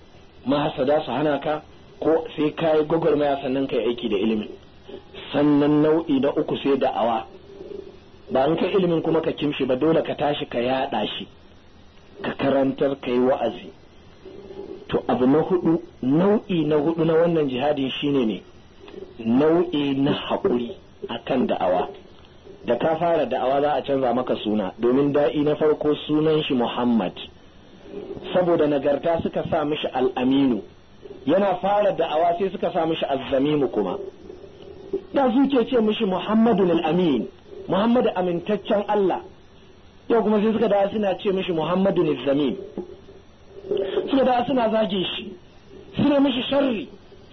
mahasada su hana ka ko sai ka yi gwagwarmaya sannan ka yi aiki da ilimi. sannan nau'i na uku sai da awa ba an kai ilimin kuma ka kimshi ba dole ka tashi ka yaɗa shi ka karantar ka yi wa'azi to abu na hudu nau'i na hudu na wannan jihadin shine ne nau'i na haƙuri kan da'awa da ka fara da'awa za a canza maka suna domin da'i na farko sunan shi Muhammad saboda nagarta suka sa mishi al'aminu yana fara da'awa sai suka sa mishi azzamimu kuma da suke ce mishi Muhammadun al'amin Muhammadu amintaccen Allah yau kuma sai suka da'a suna ce mishi Muhammadun azzamin suka da'a suna zage shi suna mishi sharri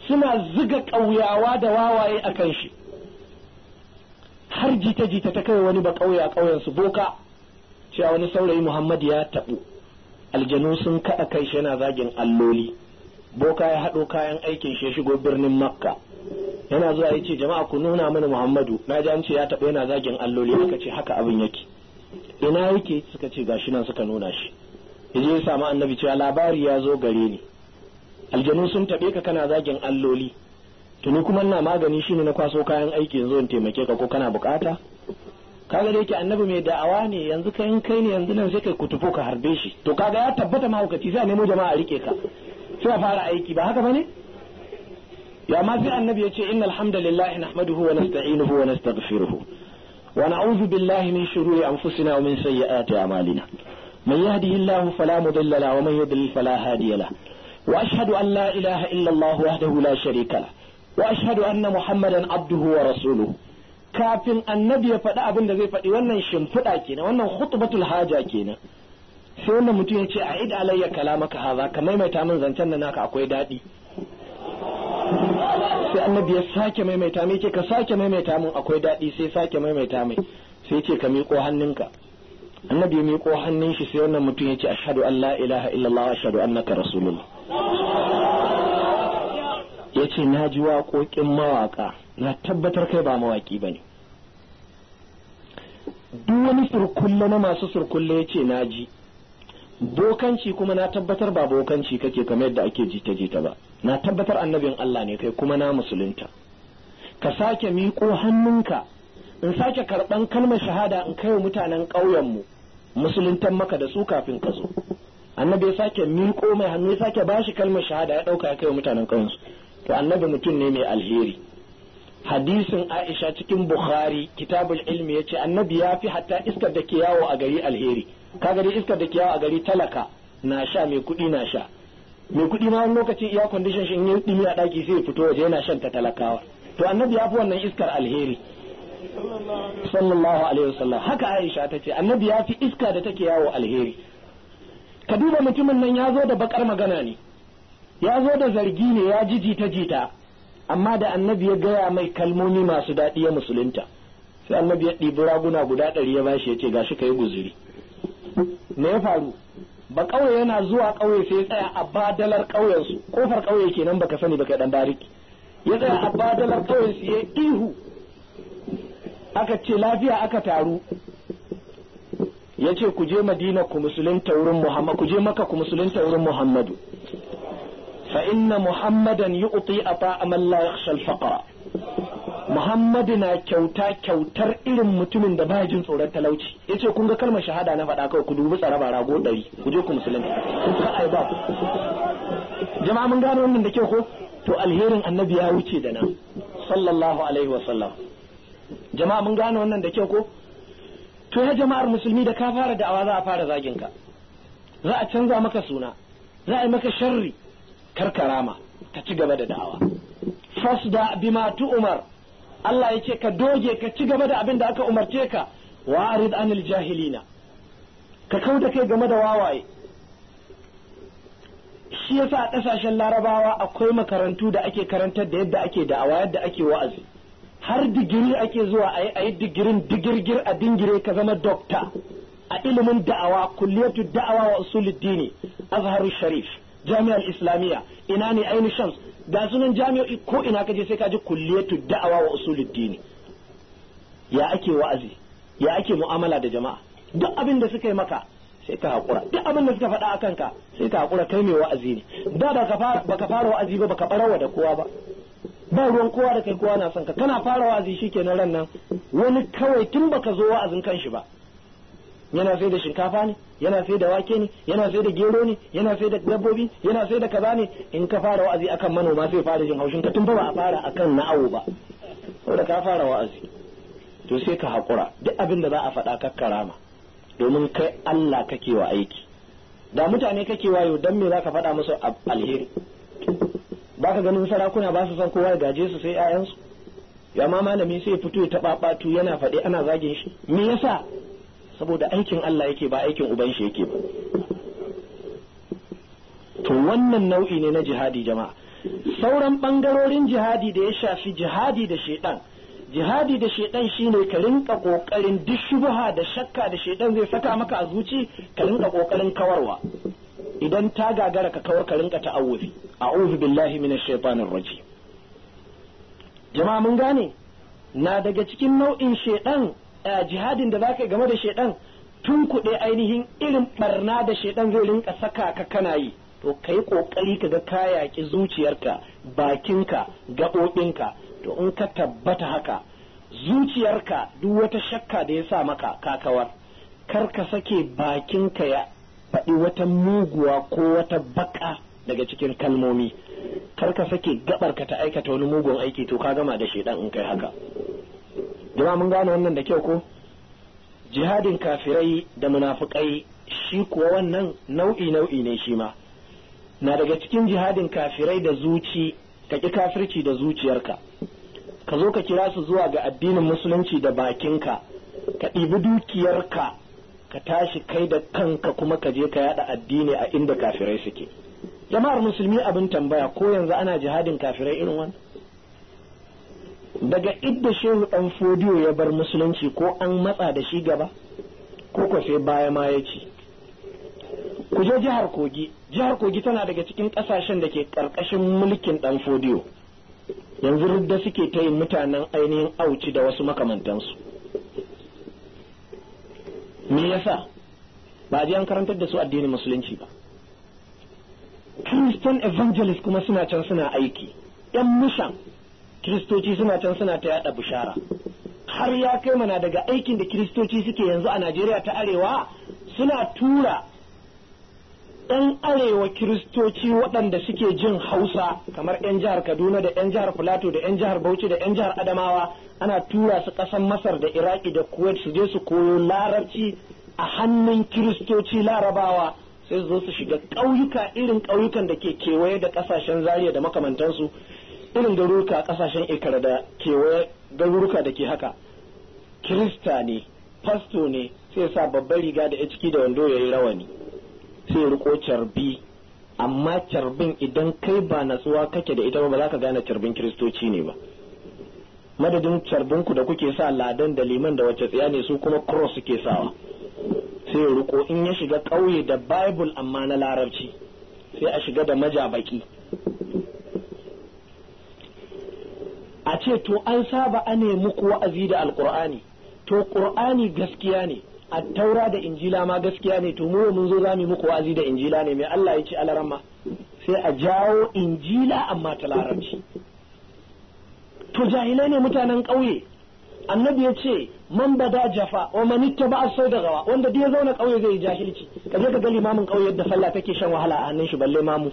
suna ziga ƙauyawa da wawaye a kan shi har jita-jita ta kai wani ba ƙauye a ƙauyensu boka cewa wani saurayi muhammad ya taɓu aljanu sun kaɗa kai shi yana zagin alloli boka ya haɗo kayan aikin shi ya shigo birnin makka yana zuwa ya ce jama'a ku nuna mini muhammadu na ji an ce ya taɓa yana zagin alloli aka ce haka abin yake ina yake suka ce gashi nan suka nuna shi Ya je ya samu annabi cewa labari ya zo gare ni aljanu sun tabe ka kana zagin alloli tuni kuma ina magani shine na kwaso kayan aiki yanzu in taimake ka ko kana bukata kaga da yake annabi mai da'awa ne yanzu kai in kai ne yanzu nan sai kai kutufo ka harbe shi to kaga ya tabbata ma mahaukaci sai a nemo jama'a a rike ka sai a fara aiki ba haka bane ya ma sai annabi ya ce innal hamdalillahi nahmaduhu wa nasta'inuhu wa nastaghfiruhu wa na'udhu billahi min shururi anfusina wa min sayyiati a'malina man yahdihillahu fala mudilla lahu wa man yudlil fala hadiya lahu وأشهد أن لا إله إلا الله وحده لا شريك له وأشهد أن محمدا عبده ورسوله kafin annabi ya faɗi abin da zai faɗi wannan shimfiɗa kenan wannan khutbatul haja kenan sai wannan mutum ya ce a id alayya kalamaka haza ka maimaita min zancen da naka akwai daɗi sai annabi ya sake maimaita mai yake ka sake maimaita min akwai daɗi sai sake maimaita mai sai ce ka miƙo hannunka annabi ya miƙo hannun shi sai wannan mutum ya ce ashhadu an la ilaha illallah ashhadu annaka rasulullah ya ce na ji waƙoƙin mawaƙa na tabbatar kai ba mawaƙi ba ne duk wani surkulle na masu surkulle ya ce na ji bokanci kuma na tabbatar ba bokanci kake kamar yadda ake jita-jita ba na tabbatar annabin Allah ne kai kuma na musulunta ka sake miƙo hannunka in sake karɓan kalmar shahada in kai mutanen ƙauyenmu musuluntan maka da su kafin ka zo annabi ya sake miƙo mai hannu ya sake bashi kalmar shahada ya ɗauka ya kai wa mutanen ƙauyensu to annabi mutum ne mai alheri hadisin aisha cikin bukhari kitabul ilmi ya ce annabi ya fi hatta iskar da ke yawo a gari alheri ka gari iskar da ke yawo a gari talaka na sha mai kuɗi na sha mai kuɗi ma wani lokacin iya kwandishin shi in yi a ɗaki sai fito waje yana shan ta talakawa to annabi ya fi wannan iskar alheri sallallahu alaihi wasallam haka aisha ta ce annabi ya fi iska da take yawo alheri ka duba mutumin nan ya zo da bakar magana ne ya zo da zargi ne ya ji jita jita amma da annabi ya gaya mai kalmomi masu daɗi ya musulunta sai annabi ya ɗibi raguna guda ɗari ya bashi ya ce ga shi ka yi guziri me ya faru ba ƙauye yana zuwa ƙauye sai ya tsaya a badalar ƙauyensu kofar ƙauye kenan baka sani baka dan bariki ya tsaya a badalar ƙauyensu ya ihu aka ce lafiya aka taru ya ce ku je madina ku musulunta wurin muhammad ku je maka ku musulunta wurin muhammadu fa inna muhammadan uti a man la yakhsha al-faqra muhammadu na kyauta kyautar irin mutumin da ba jin tsoron talauci yace kun ga kalmar shahada na faɗa kawai ku dubi tsaraba rago ɗari ku je ku musulunta kun fa ai ba jama'a mun gano wannan da kyau ko to alherin annabi ya wuce da nan sallallahu alaihi wa sallam jama'a mun gano wannan da kyau ko to ya jama'ar musulmi da ka fara da'awa za a fara zagin ka za a canza maka suna za a yi maka sharri karkarama ka ci gaba da da'awa fasda bima umar Allah ya ce ka doge ka ci gaba da abin da aka umarce ka wa anil jahilina ka kau da kai game da wawaye shi yasa a ƙasashen larabawa akwai makarantu da ake karantar da yadda ake da'awa yadda ake wa'azi har digiri ake zuwa a yi digirin digirgir a dingire ka zama dokta a ilimin da'awa kulliyatu da'awa wa dini azharu sharif jami'ar islamiyya ina ne aini shams ga sunan jami'o'i ko ina kaje sai ka ji kulliyatu da'awa wa usuluddini ya ake wa'azi ya ake mu'amala da jama'a duk abin da suka yi maka sai ka haƙura duk abin da suka faɗa a kanka sai ka haƙura kai mai wa'azi ne da ba ka fara wa'azi ba baka barawa da kowa ba ba ruwan kowa da kai kowa na son ka kana fara wa'azi shi ran nan wani kawai tun baka zo wa'azin kanshi ba yana sai da shinkafa ne yana sai da wake ne yana sai da gero ne yana sai da dabbobi yana sai da kaza ne in ka fara wa'azi akan manoma sai fara jin haushin ka tun ba a fara akan awo ba saboda ka fara wa'azi to sai ka haƙura duk abin da za a faɗa kakkarama domin kai Allah kake wa aiki da mutane kake wayo dan me zaka faɗa musu alheri Ba ka ganin sarakuna ba su san kowa ya gaje su sai 'ya'yansu ya ma malami sai fito ya taɓaɓatu yana faɗi ana zagin shi me yasa saboda aikin Allah yake ba aikin uban shi yake ba to wannan nau'i ne na jihadi jama'a sauran ɓangarorin jihadi da ya shafi jihadi da shaidan jihadi da shi shine ka rinka kokarin duk shubha da shakka da shaidan zai saka maka a zuci ka rinka kokarin kawarwa idan ta gagara ka kawar ka rinka ta'awuzi a'udhu billahi minash shaitanir rajim jama'a mun gane na daga cikin nau'in shedan eh, jihadin da zaka game da shaidan tun kuɗe ainihin irin barna da shaidan zai rinka saka ka kana yi to kai kokari ka ga ka yaki zuciyarka bakinka gaɓoɓinka to in ka tabbata haka zuciyarka duk wata shakka da ya sa maka kawar kar ka sake bakinka ya faɗi wata muguwa ko wata baka daga cikin kalmomi kar ka sake ka ta aikata wani mugun aiki to ka gama da shedan in kai haka jama mun gane wannan da kyau ko jihadin kafirai da munafukai shi kuwa wannan nau'i nau'i ne shi ma na daga cikin jihadin kafirai da zuci ka ƙi kafirci da zuciyarka ka zo ka kira su zuwa ga addinin musulunci da bakinka ka ɗibi dukiyarka ka tashi kai da kanka kuma ka je ka yada addini a inda kafirai suke jama'ar musulmi abin tambaya ko yanzu ana jihadin kafirai irin wannan daga idda shehu dan fodiyo ya bar musulunci ko an matsa da shi gaba ko ko baya ma ya ci ku je jihar kogi jihar kogi tana daga cikin kasashen da ke karkashin mulkin dan fodiyo yanzu rudda suke ta yin mutanen ainihin auci da wasu makamantansu me yasa ba a an karantar da su addinin musulunci ba christian evangelist kuma suna can suna aiki yan mushan kiristoci suna can suna ta yada bishara har ya kai mana daga aikin da kiristoci suke yanzu a najeriya ta arewa suna tura 'yan arewa kiristoci waɗanda suke jin hausa kamar 'yan jihar kaduna da 'yan jihar filato da 'yan jihar bauchi da 'yan jihar adamawa ana tura su ƙasar masar da iraki da kuwait su je su koyo larabci a hannun kiristoci larabawa sai su zo su shiga ƙauyuka irin ƙauyukan da ke kewaye da ƙasashen zariya da makamantansu irin garuruka ƙasashen ikara da kewaye garuruka da ke haka kirista ne fasto ne sai sa babbar riga da ya ciki da wando ya yi rawani sai riko carbi amma carbin idan kai ba natsuwa kake da ita ba za ka gane carbin kiristoci ne ba madadin carbin ku da kuke sa ladan da liman da wacce tsiya ne su kuma cross suke sawa sai riko in ya shiga ƙauye da bible amma na larabci sai a shiga da majabaki a ce to an saba ane muku wa'azi da alkur'ani to ƙur'ani gaskiya ne A taura da injila ma gaskiya ne to mu mun zo zamu muku wa'azi da injila ne mai Allah ya ci alaramma sai a jawo injila amma ta larabci to jahilai ne mutanen ƙauye annabi ya ce man bada jafa wa man ittaba sau da gawa wanda duk ya zauna ƙauye zai yi jahilci kaje ka ga limamin ƙauye yadda sallah take shan wahala a hannun shi balle mamu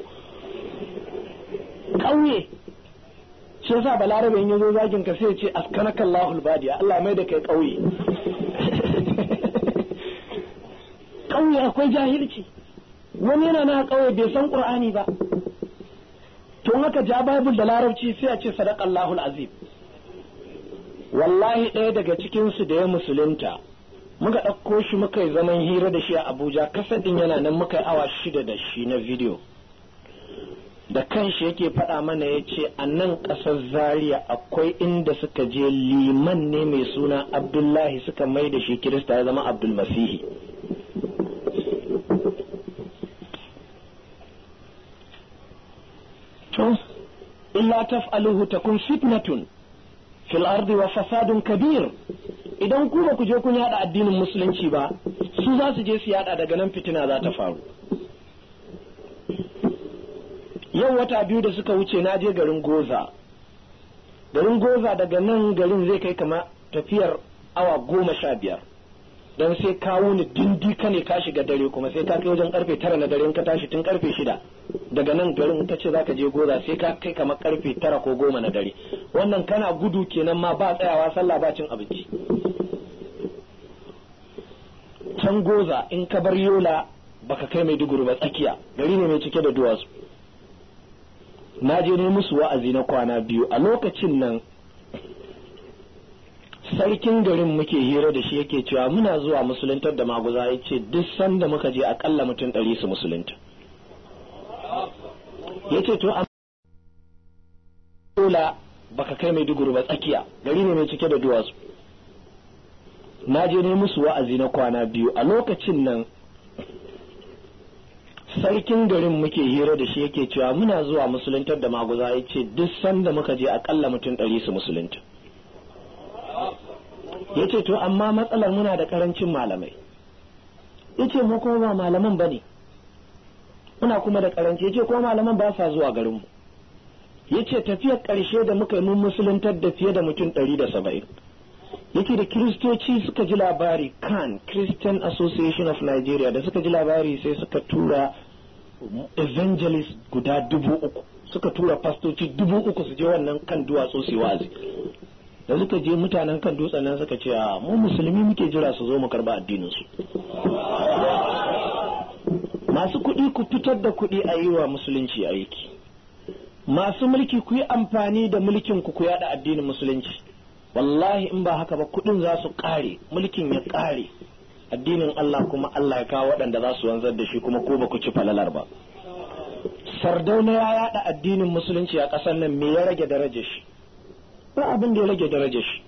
ƙauye shi yasa balarabe in yazo zagin ka sai ya ce askanakallahu albadiya Allah mai da kai ƙauye ƙauye akwai jahilci wani yana na ƙauye bai san ƙur'ani ba tun haka ja babul da larabci sai a ce Allahul azim wallahi ɗaya daga cikin su da ya musulunta muka ɗauko shi muka yi zaman hira da shi a abuja kasadin yana nan muka yi awa shida da shi na vidiyo. da kan shi yake faɗa mana ya ce a nan ƙasar zaria akwai inda suka je liman ne mai suna abdullahi suka mai da shi kirista ya zama abdulmasihi to illa taf'aluhu takun fitnatun fil ardi wa fasadun kabir idan ku ba ku je kun yada addinin musulunci ba su za su je su yada daga nan fitina za ta faru yau wata biyu da suka wuce na je garin goza garin goza daga nan garin zai kai kama tafiyar awa goma sha biyar don sai ka wuni dindika ne ka shiga dare kuma sai ka kai wajen karfe tara na dare in ka tashi tun karfe shida daga nan garin ta ce ce zaka je goza sai ka kai kamar karfe tara ko goma na dare wannan kana gudu kenan ma ba tsayawa sallah ba cin abinci can goza in ka bar yola baka kai mai duguru ba tsakiya gari ne mai cike da duwatsu na je ne musu wa'azi na kwana biyu a lokacin nan sarkin garin muke hira da shi yake cewa muna zuwa musuluntar da maguza ya ce duk sanda muka je akalla mutum ɗari su musulunta ya ce to a dola baka kai mai duguru ba tsakiya gari ne mai cike da duwatsu na je ne musu wa'azi na kwana biyu a lokacin nan sarkin garin muke hira da shi yake cewa muna zuwa musuluntar da maguza ya ce duk sanda muka je akalla mutum ɗari su musulunta yace to amma matsalar muna da karancin malamai yace mu kuma ba malaman bane muna kuma da karanci yace kuma malaman ba sa zuwa garin mu yace tafiyar karshe da muka yi mun musuluntar da fiye da mutum 170 yake da kiristoci suka ji labari kan christian association of nigeria da suka ji labari sai suka tura evangelist guda dubu suka tura fastoci dubu uku su je wannan kan duwatsu su yi wazi. da suka je mutanen kan dutsen nan suka ce a mu musulmi muke jira su zo mu karba addinin su masu kuɗi ku fitar da kuɗi a yi wa musulunci aiki masu mulki ku yi amfani da mulkin ku ku yada addinin musulunci wallahi in ba haka ba kuɗin za su ƙare mulkin ya ƙare addinin Allah kuma Allah ya kawo waɗanda za su wanzar da shi kuma ko ba ku ci falalar ba sardauna ya yada addinin musulunci a ƙasar nan me ya rage darajar shi ba abin da ya rage daraja shi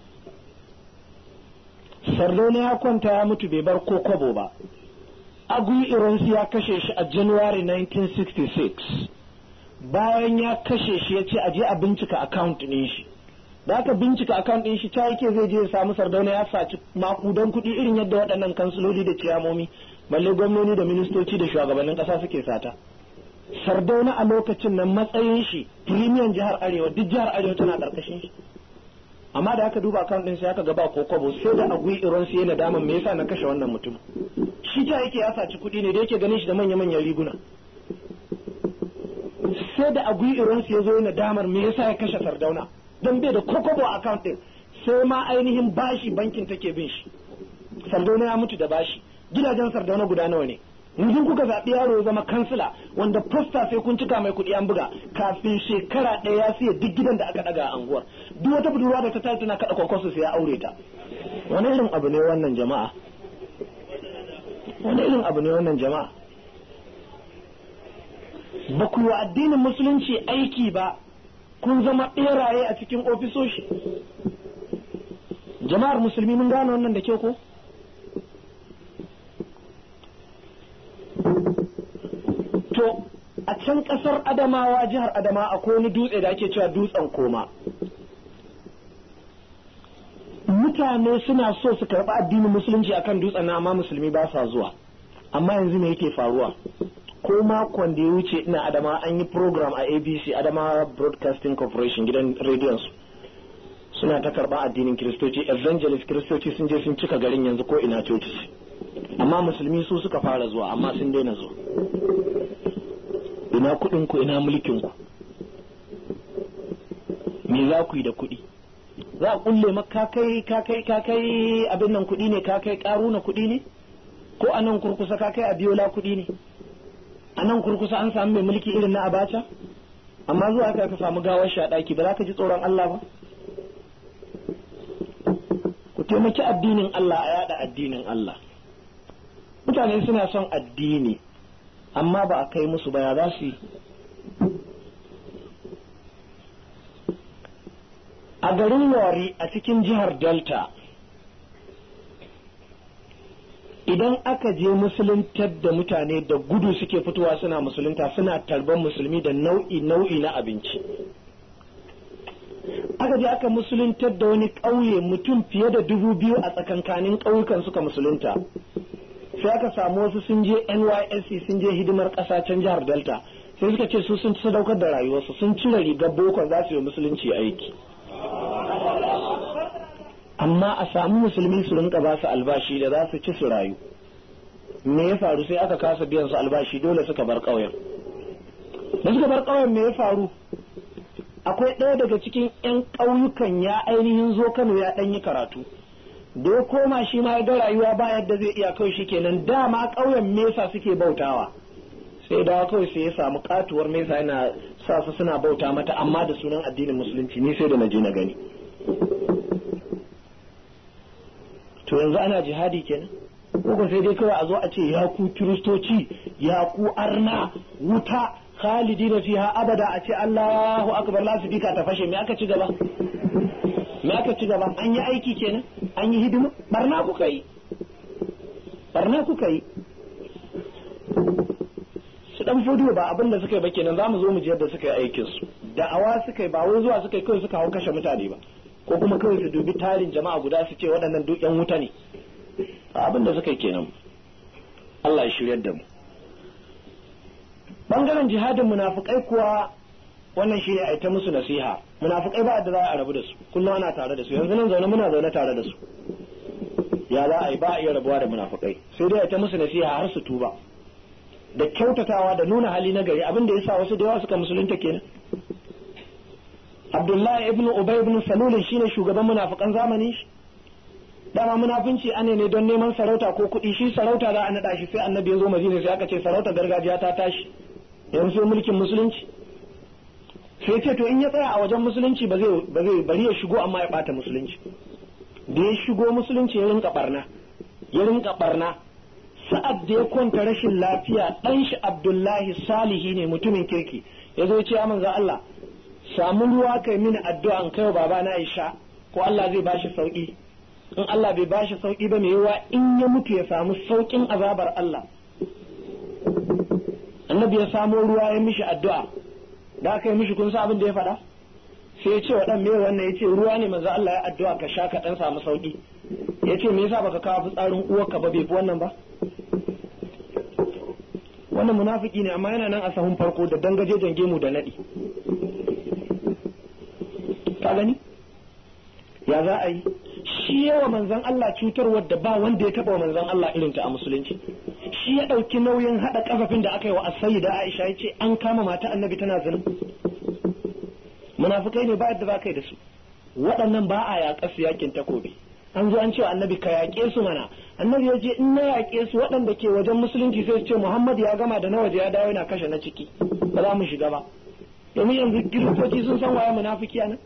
ne ya kwanta ya mutu bai bar ko kwabo ba agui iransu ya kashe shi a january 1966 bayan ya kashe shi ya ce a a bincika account ɗin shi da aka bincika account ɗin shi ta yake zai je ya samu sardauna ya saci makudan kuɗi irin yadda waɗannan kansiloli da ciyamomi balle gwamnoni da ministoci da shugabannin ƙasa suke sata sardauna a lokacin nan matsayin shi premium jihar arewa duk jihar arewa tana ƙarƙashin shi amma da aka duba account din sai aka ga ba koko ba sai da agui iron sai na damar me yasa na kashe wannan mutum shi ta yake ya saci kuɗi ne da yake ganin shi da manya manyan riguna sai da agui iron sai zo na damar me yasa ya kashe sardauna dan bai da koko ba account din sai ma ainihin bashi bankin take bin shi sardauna ya mutu da bashi gidajen sardauna guda nawa ne yanzu kuka zaɓi yaro zama kansila wanda fosta sai kun cika mai kuɗi an buga kafin shekara ɗaya ya siya duk gidan da aka ɗaga a anguwar duk wata budurwa da ta tashi tana kaɗa kwakwasu sai ya aure ta wani irin abu ne wannan jama'a wani irin abu ne wannan jama'a ba ku wa addinin musulunci aiki ba kun zama ɓeraye a cikin ofisoshi jama'ar musulmi mun gane wannan da ke ko to a can ƙasar adamawa jihar adama akwai wani dutse da ake cewa dutsen koma mutane suna so su karɓi addinin musulunci a kan dutsen amma musulmi ba sa zuwa amma yanzu me yake faruwa ko makon da ya wuce ina adama an yi program a abc adama broadcasting corporation gidan rediyon su suna ta karɓa addinin kiristoci evangelist kiristoci sun je sun cika garin yanzu ko ina coci amma musulmi su suka fara zuwa amma sun daina zuwa ina kuɗinku ina mulkin ku. me za ku yi da kuɗi za a kulle maka kai kakai kakai abin nan kuɗi ne kakai na kuɗi ne ko a nan kurkusa kakai a biyola kuɗi ne a nan kurkusa an samu mai mulki irin na abacha amma zuwa ka ka samu gawar shi a ɗaki ba za ka ji tsoron Allah ba ku taimaki addinin Allah a yada addinin Allah mutane suna son addini amma ba a kai musu baya za su yi a garin wari a cikin jihar delta idan aka je musuluntar da mutane da gudu suke fitowa suna musulunta suna tarban musulmi da nau'i nau'i na abinci aka je aka musuluntar da wani ƙauye mutum fiye da dubu biyu a tsakankanin ƙauyukan suka musulunta sai aka samu wasu sun je NYSC sun je hidimar ƙasa can jihar Delta sai suka ce su sun sadaukar da rayuwarsu sun cire rigar bokon za su yi musulunci aiki amma a samu musulmi su rinka ba su albashi da za su ci su rayu me ya faru sai aka kasa biyan su albashi dole suka bar ƙauyen da suka bar ƙauyen me ya faru akwai ɗaya daga cikin 'yan ƙauyukan ya ainihin zo kano ya ɗan yi karatu da koma shi ma ya ga rayuwa ba yadda zai iya kawai shi kenan dama ƙauyen mesa suke bautawa sai da kawai sai ya samu katuwar mesa yana sa su suna bauta mata amma da sunan addinin musulunci ni sai da na na gani to yanzu ana jihadi kenan ko sai dai kawai a zo a ce ya ku kiristoci ya ku arna wuta khalidi na fiha abada a ce Allahu akbar la su ta fashe me aka ci gaba me aka ci gaba an yi aiki kenan an yi hidima barna kuka yi barna kuka yi su dan fodiyo ba abin da suka yi ba kenan za mu zo mu ji yadda suka yi aikin su da'awa suka yi ba wai zuwa suka yi kawai suka hau kashe mutane ba ko kuma kawai su dubi tarin jama'a guda su ce waɗannan duk yan wuta ne abin da suka yi kenan Allah ya shiryar da mu bangaren jihadin munafikai kuwa wannan shine a ta musu nasiha Munafukai ba da za a rabu da su kullum ana tare da su yanzu nan zaune muna zaune tare da su ya za a yi ba a iya rabuwa da munafukai sai dai aita ta musu nasiha har su tuba da kyautatawa da nuna hali na gari abin da ya sa wasu da yawa suka musulunta kenan Abdullahi ibn Ubay ibnu Salul shine shugaban munafukan zamani dama munafunci ane ne don neman sarauta ko kuɗi shi sarauta za a naɗa shi sai annabi ya zo madina sai aka ce sarauta gargajiya ta tashi yanzu mulkin musulunci sai ce to in ya tsaya a wajen musulunci ba zai bari ya shigo amma ya bata musulunci da ya shigo musulunci ya rinka barna ya rinka barna sa'ad da ya kwanta rashin lafiya dan shi Abdullahi Salihi ne mutumin kirki ya zo ce manzo Allah samu ruwa kai mini addu'a an kai baba na Aisha ko Allah zai bashi sauki in Allah bai bashi sauki ba mai yawa in ya mutu ya samu saukin azabar Allah annabi ya samo ruwa ya mishi addu'a da aka yi mishi kun san abin da ya faɗa sai ya ce wa ɗan me wannan ya ce ruwa ne manzo Allah ya addu'a ka sha ka ɗan samu sauki ya ce me yasa baka kawo fitsarin ka ba bai fi wannan ba wannan munafiki ne amma yana nan a sahun farko da dangaje jange mu da naɗi ka gani ya za a yi shi yawa manzan Allah cutarwar da ba wanda ya taba wa manzan Allah irinta a musulunci shi ya ɗauki nauyin haɗa ƙafafin da aka yi wa asayi da Aisha ya ce an kama mata annabi tana zina munafukai ne ba yadda ba kai da su waɗannan ba a yaƙa su yaƙin takobi an zo an wa annabi ka yaƙe su mana annabi ya je in na yaƙe su waɗanda ke wajen musulunci sai ce Muhammad ya gama da na waje ya dawo yana kashe na ciki ba za mu shiga ba domin yanzu kiristoci sun san waye munafiki nan